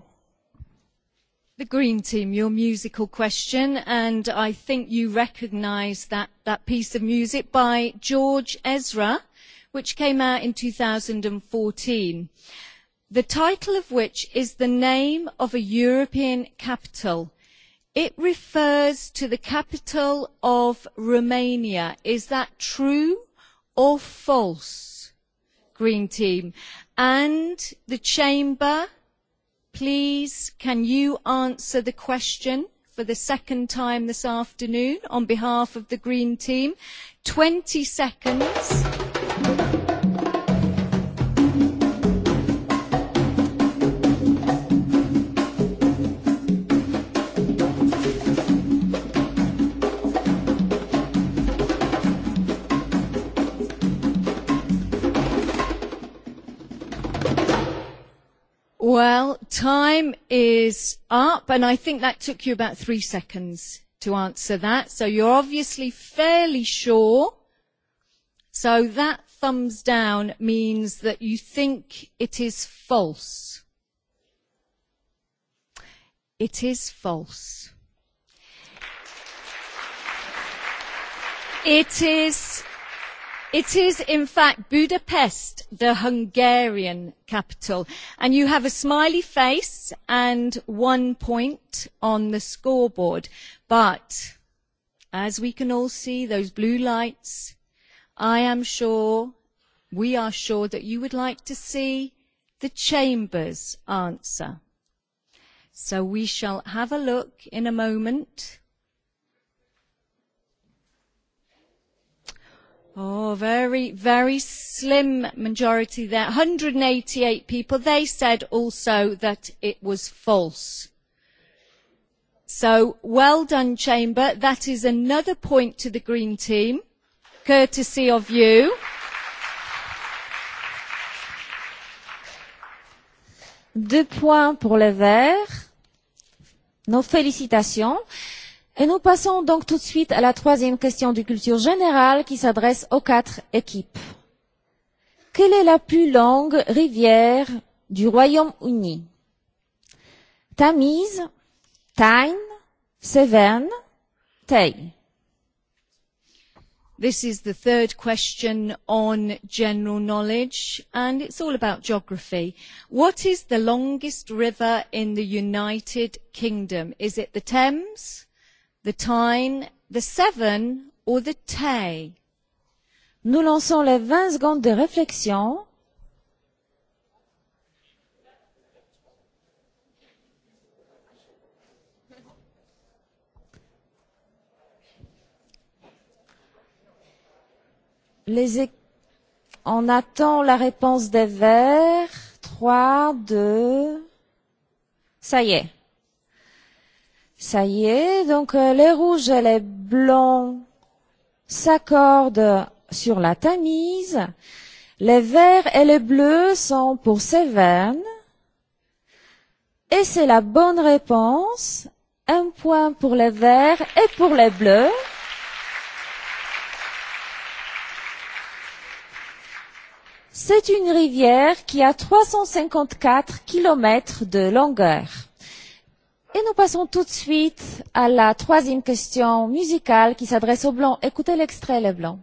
The Green Team, your musical question, and I think you recognize that, that piece of music by George Ezra, which came out in 2014 the title of which is the name of a European capital. It refers to the capital of Romania. Is that true or false, Green Team? And the Chamber, please, can you answer the question for the second time this afternoon on behalf of the Green Team? Twenty seconds. Well, time is up, and I think that took you about three seconds to answer that. So you're obviously fairly sure. So that thumbs down means that you think it is false. It is false. It is It is, in fact, Budapest, the Hungarian capital. And you have a smiley face and one point on the scoreboard. But as we can all see, those blue lights, I am sure, we are sure that you would like to see the Chamber's answer. So we shall have a look in a moment Oh, very, very slim majority there. 188 people. They said also that it was false. So well done, Chamber. That is another point to the Green Team, courtesy of you. Deux points pour les Verts. Nos félicitations. Et nous passons donc tout de suite à la troisième question de culture générale qui s'adresse aux quatre équipes. Quelle est la plus longue rivière du Royaume-Uni Tamise, Tyne, Severn, Tay. This is the third question on general knowledge, and it's all about geography. What is the longest river in the United Kingdom? Is it the Thames? the tine, the seven or the tay. Nous lançons les 20 secondes de réflexion. Les é... On attend la réponse des verts. 3, 2. Ça y est. Ça y est, donc les rouges et les blancs s'accordent sur la Tamise. Les verts et les bleus sont pour Séverne. Et c'est la bonne réponse. Un point pour les verts et pour les bleus. C'est une rivière qui a 354 kilomètres de longueur. Et nous passons tout de suite à la troisième question musicale qui s'adresse aux Blancs. Écoutez l'extrait, les Blancs.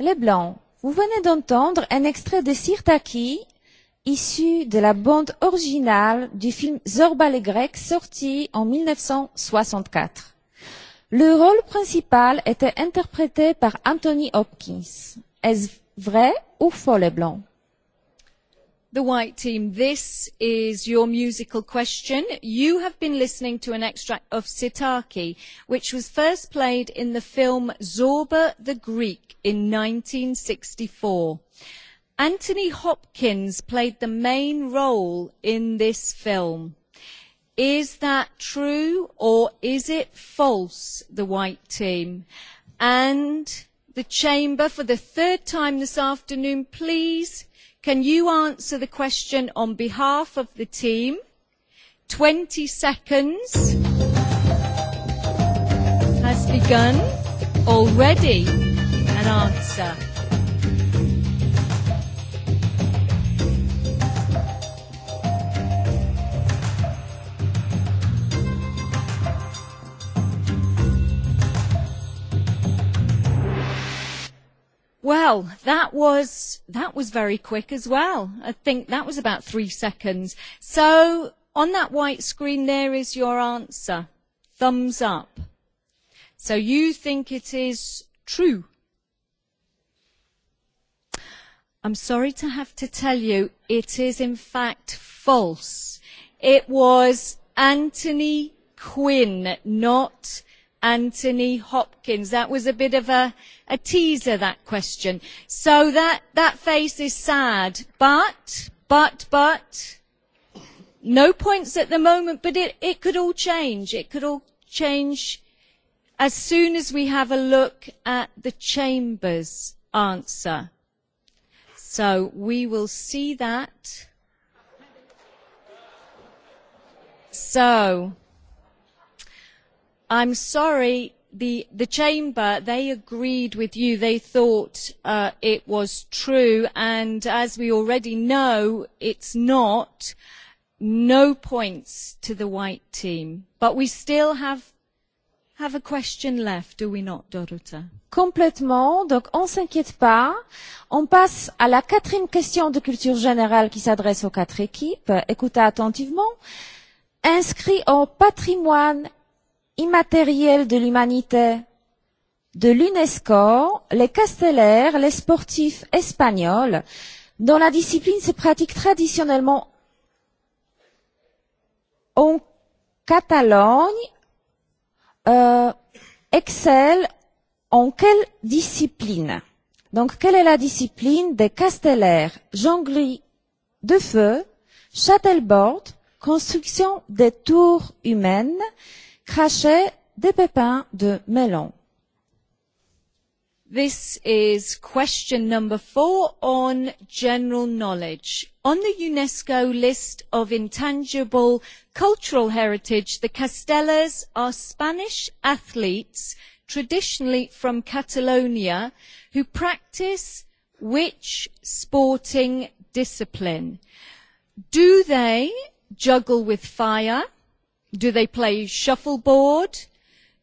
Les Blancs, Vous venez d'entendre un extrait de Sirtaki, issu de la bande originale du film Zorba les Grecs, sorti en 1964. Le rôle principal était interprété par Anthony Hopkins. Est-ce vrai ou faux les blancs? The White Team, this is your musical question. You have been listening to an extract of Sitaki, which was first played in the film Zorba the Greek in 1964. Anthony Hopkins played the main role in this film. Is that true or is it false, the White Team? And the Chamber, for the third time this afternoon, please Can you answer the question on behalf of the team? 20 seconds has begun already an answer. Well, that was that was very quick as well. I think that was about three seconds. So on that white screen, there is your answer. Thumbs up. So you think it is true. I'm sorry to have to tell you, it is in fact false. It was Anthony Quinn, not Anthony Hopkins. That was a bit of a, a teaser, that question. So that, that face is sad. But, but, but, no points at the moment, but it, it could all change. It could all change as soon as we have a look at the Chamber's answer. So we will see that. So I'm sorry, the, the chamber, they agreed with you. They thought uh, it was true. And as we already know, it's not. No points to the white team. But we still have, have a question left, do we not, Dorota? Complètement. Donc, on ne s'inquiète pas. On passe à la quatrième question de culture générale qui s'adresse aux quatre équipes. Écoutez attentivement. Inscrit au patrimoine immatériel de l'humanité de l'UNESCO, les castellaires, les sportifs espagnols, dont la discipline se pratique traditionnellement en Catalogne, euh, excellent en quelle discipline Donc, quelle est la discipline des castellaires Jonglerie de feu, châtelbord, construction des tours humaines, euh, crachait des pépins de melon. This is question number four on general knowledge. On the UNESCO list of intangible cultural heritage, the Castellas are Spanish athletes, traditionally from Catalonia, who practice which sporting discipline? Do they juggle with fire? Do they play shuffleboard?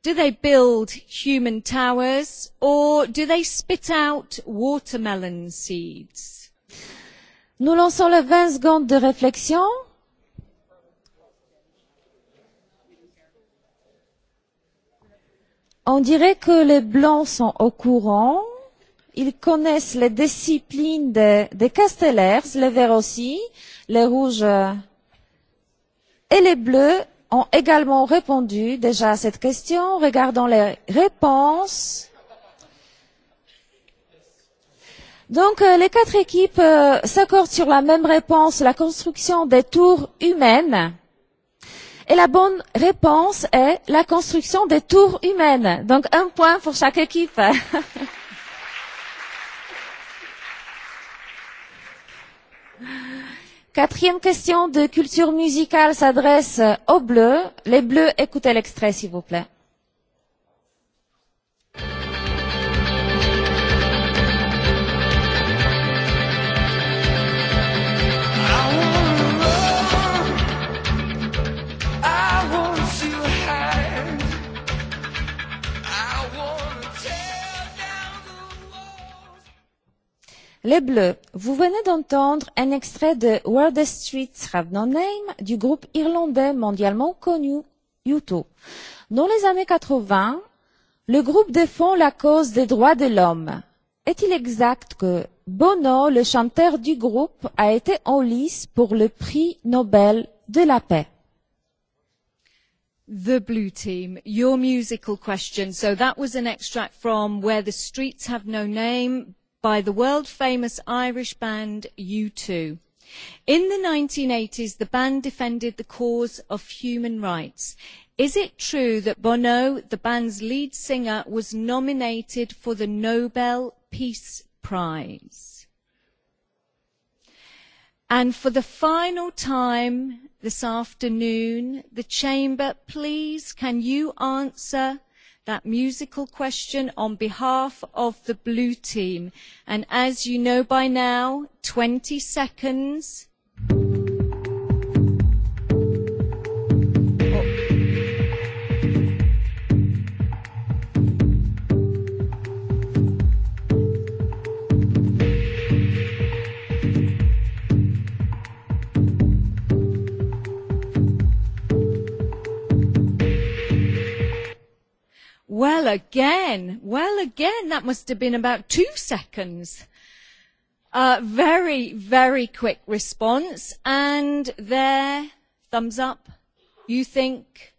Do they build human towers? Or do they spit out watermelon seeds? Nous lançons les 20 secondes de réflexion. On dirait que les blancs sont au courant. Ils connaissent les disciplines des de Castellers, les verts aussi, les rouges et les bleus ont également répondu déjà à cette question. Regardons les réponses. Donc les quatre équipes euh, s'accordent sur la même réponse, la construction des tours humaines. Et la bonne réponse est la construction des tours humaines. Donc un point pour chaque équipe. Quatrième question de culture musicale s'adresse aux Bleus. Les Bleus, écoutez l'extrait, s'il vous plaît. Les Bleus, vous venez d'entendre un extrait de Where the Streets Have No Name du groupe irlandais mondialement connu U2. Dans les années 80, le groupe défend la cause des droits de l'homme. Est-il exact que Bono, le chanteur du groupe, a été en lice pour le prix Nobel de la paix? The Blue Team, your musical question. So that was an extract from Where the Streets Have No Name by the world famous Irish band U2. In the 1980s, the band defended the cause of human rights. Is it true that Bono, the band's lead singer, was nominated for the Nobel Peace Prize? And for the final time this afternoon, the Chamber, please can you answer that musical question on behalf of the blue team. And as you know by now, 20 seconds Well again, well again, that must have been about two seconds. Uh, very, very quick response. And there, thumbs up, you think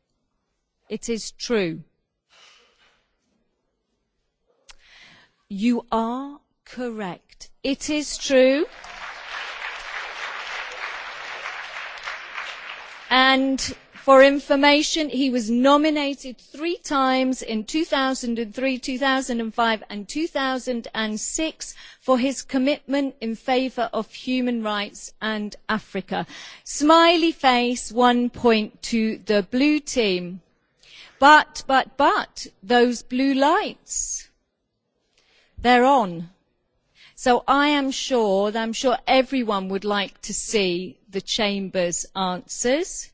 it is true. You are correct. It is true. And For information, he was nominated three times in 2003, 2005 and 2006 for his commitment in favour of human rights and Africa. Smiley face, one point to the blue team. But, but, but, those blue lights, they're on. So I am sure, that I'm sure everyone would like to see the Chamber's answers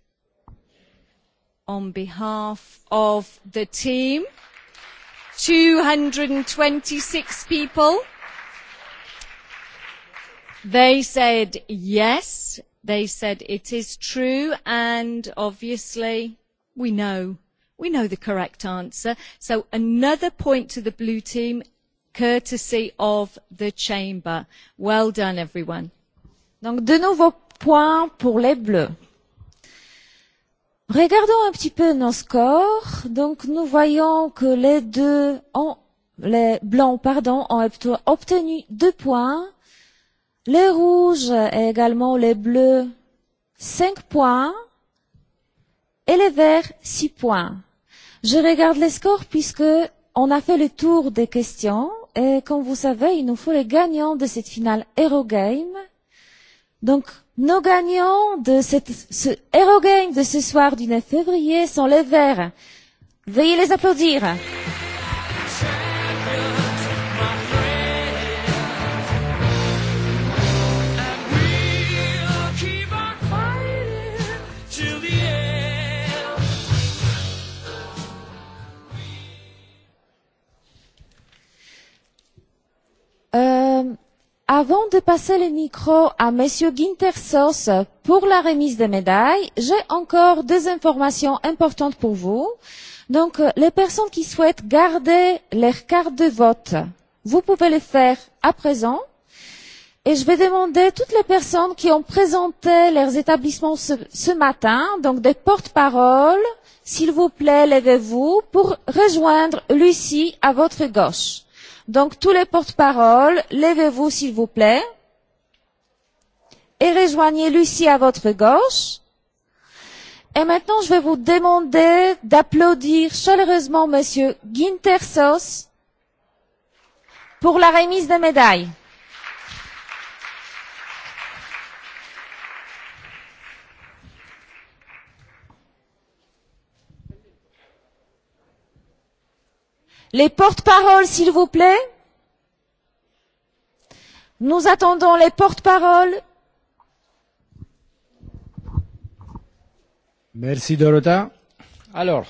on behalf of the team. 226 people. They said yes. They said it is true. And obviously, we know. We know the correct answer. So another point to the blue team, courtesy of the chamber. Well done, everyone. Donc, de nouveaux points pour les bleus. Regardons un petit peu nos scores. Donc, nous voyons que les deux ont, les blancs, pardon, ont obtenu deux points. Les rouges et également les bleus, cinq points. Et les verts, six points. Je regarde les scores puisque on a fait le tour des questions. Et comme vous savez, il nous faut les gagnants de cette finale Eurogame. Donc, Nos gagnants de cette, ce Hero Game de ce soir du 9 février sont les Verts. Veuillez les applaudir. Euh, Avant de passer le micro à Monsieur Soss pour la remise des médailles, j'ai encore deux informations importantes pour vous. Donc, les personnes qui souhaitent garder leur carte de vote, vous pouvez le faire à présent. Et je vais demander à toutes les personnes qui ont présenté leurs établissements ce, ce matin, donc des porte-paroles, s'il vous plaît, levez-vous pour rejoindre Lucie à votre gauche. Donc tous les porte-paroles, levez-vous s'il vous plaît et rejoignez Lucie à votre gauche. Et maintenant, je vais vous demander d'applaudir chaleureusement Monsieur Gintersos pour la remise des médailles. Les porte-paroles, s'il vous plaît. Nous attendons les porte-paroles. Merci Dorota. Alors,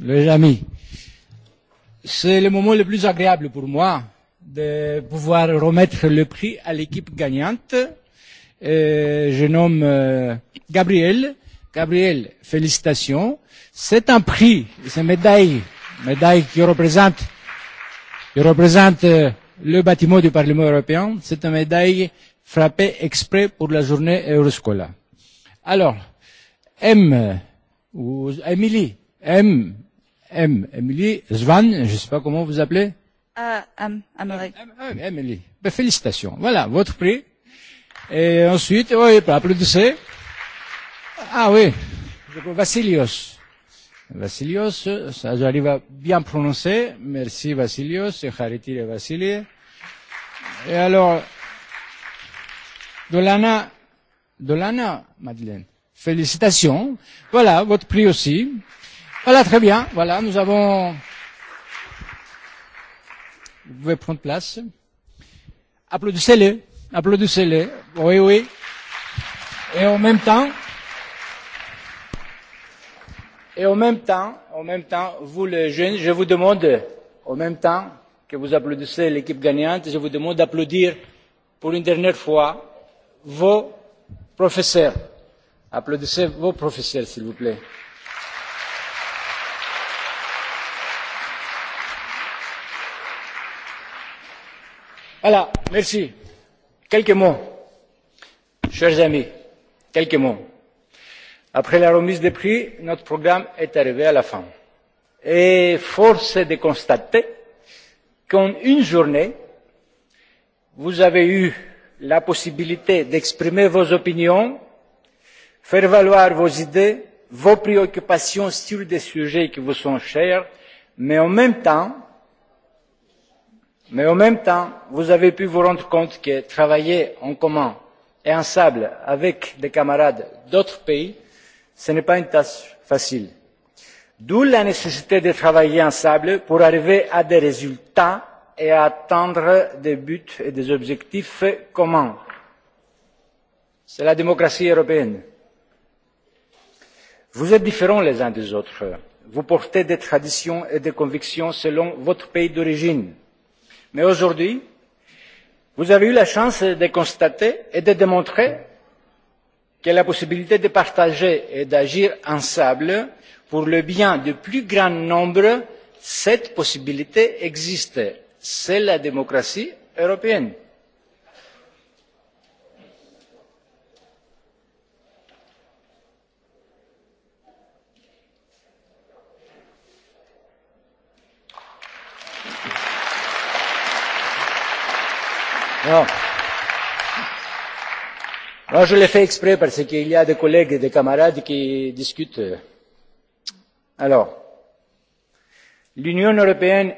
les amis, c'est le moment le plus agréable pour moi de pouvoir remettre le prix à l'équipe gagnante. Et je nomme Gabriel. Gabriel, félicitations. C'est un prix, c'est une médaille médaille qui représente, qui représente le bâtiment du Parlement européen. C'est une médaille frappée exprès pour la journée Euroscola. Alors, M, ou Emily, M, M, Emily, Svan, je ne sais pas comment vous appelez. Euh, um, Emily. Emily. Ben, félicitations. Voilà, votre prix. Et ensuite, oui, applaudissez. Ah oui, Vassilios. Vassilios. Ça, j'arrive à bien prononcer. Merci Vassilios, Charity et Vassilie. Et alors, Dolana, Dolana, Madeleine, félicitations. Voilà, votre prix aussi. Voilà, très bien. Voilà, nous avons... Vous pouvez prendre place. Applaudissez-les. Applaudissez-les. Oui, oui. Et en même temps, Et en même temps, en même temps, vous les jeunes, je vous demande, en même temps que vous applaudissez l'équipe gagnante, je vous demande d'applaudir pour une dernière fois vos professeurs. Applaudissez vos professeurs, s'il vous plaît. Voilà, merci. Quelques mots, chers amis, quelques mots après la remise des prix notre programme est arrivé à la fin et force est de constater qu'en une journée vous avez eu la possibilité d'exprimer vos opinions faire valoir vos idées vos préoccupations sur des sujets qui vous sont chers mais en même temps mais en même temps vous avez pu vous rendre compte que travailler en commun et ensemble avec des camarades d'autres pays ce n'est pas une tâche facile. D'où la nécessité de travailler ensemble pour arriver à des résultats et à atteindre des buts et des objectifs communs. C'est la démocratie européenne. Vous êtes différents les uns des autres. Vous portez des traditions et des convictions selon votre pays d'origine. Mais aujourd'hui, vous avez eu la chance de constater et de démontrer que la possibilité de partager et d'agir ensemble pour le bien du plus grand nombre, cette possibilité existe. C'est la démocratie européenne. Non. Non, je l'ai fait exprès parce qu'il y a des collègues et des camarades qui discutent. Alors, l'Union européenne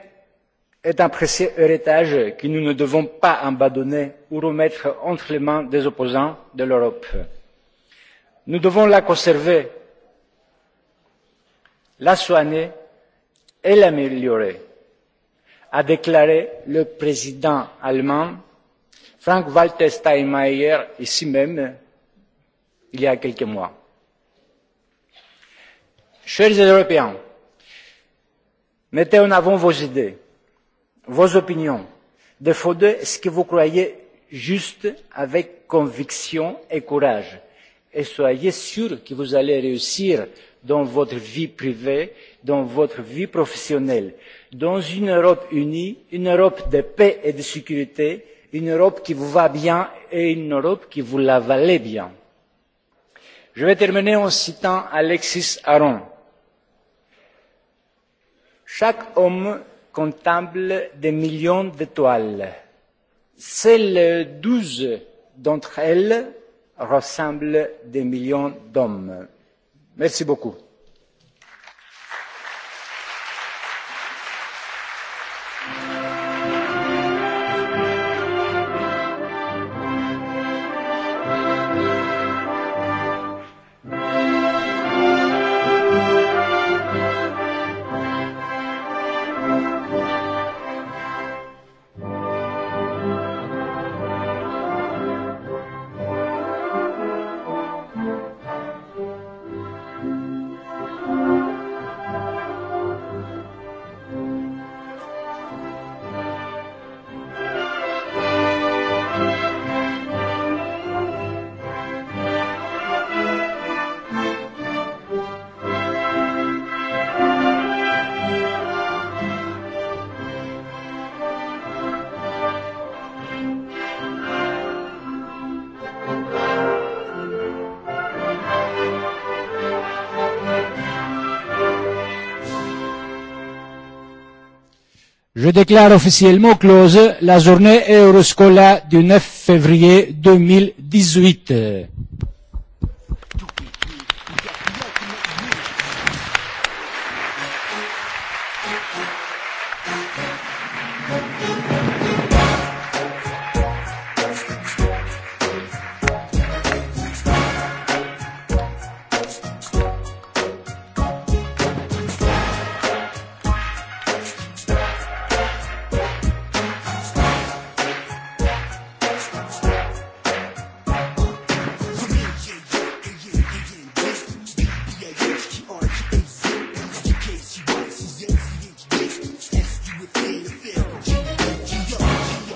est un précieux héritage que nous ne devons pas abandonner ou remettre entre les mains des opposants de l'Europe. Nous devons la conserver, la soigner et l'améliorer, a déclaré le président allemand Frank Walter Steinmeier, ici même, il y a quelques mois. Chers Européens, mettez en avant vos idées, vos opinions, défendez ce que vous croyez juste avec conviction et courage, et soyez sûrs que vous allez réussir dans votre vie privée, dans votre vie professionnelle, dans une Europe unie, une Europe de paix et de sécurité, une Europe qui vous va bien et une Europe qui vous la valait bien. Je vais terminer en citant Alexis Aron. Chaque homme comptable des millions d'étoiles. Seules douze d'entre elles rassemblent des millions d'hommes. Merci beaucoup. Je déclare officiellement close la journée Euroscola du 9 février 2018.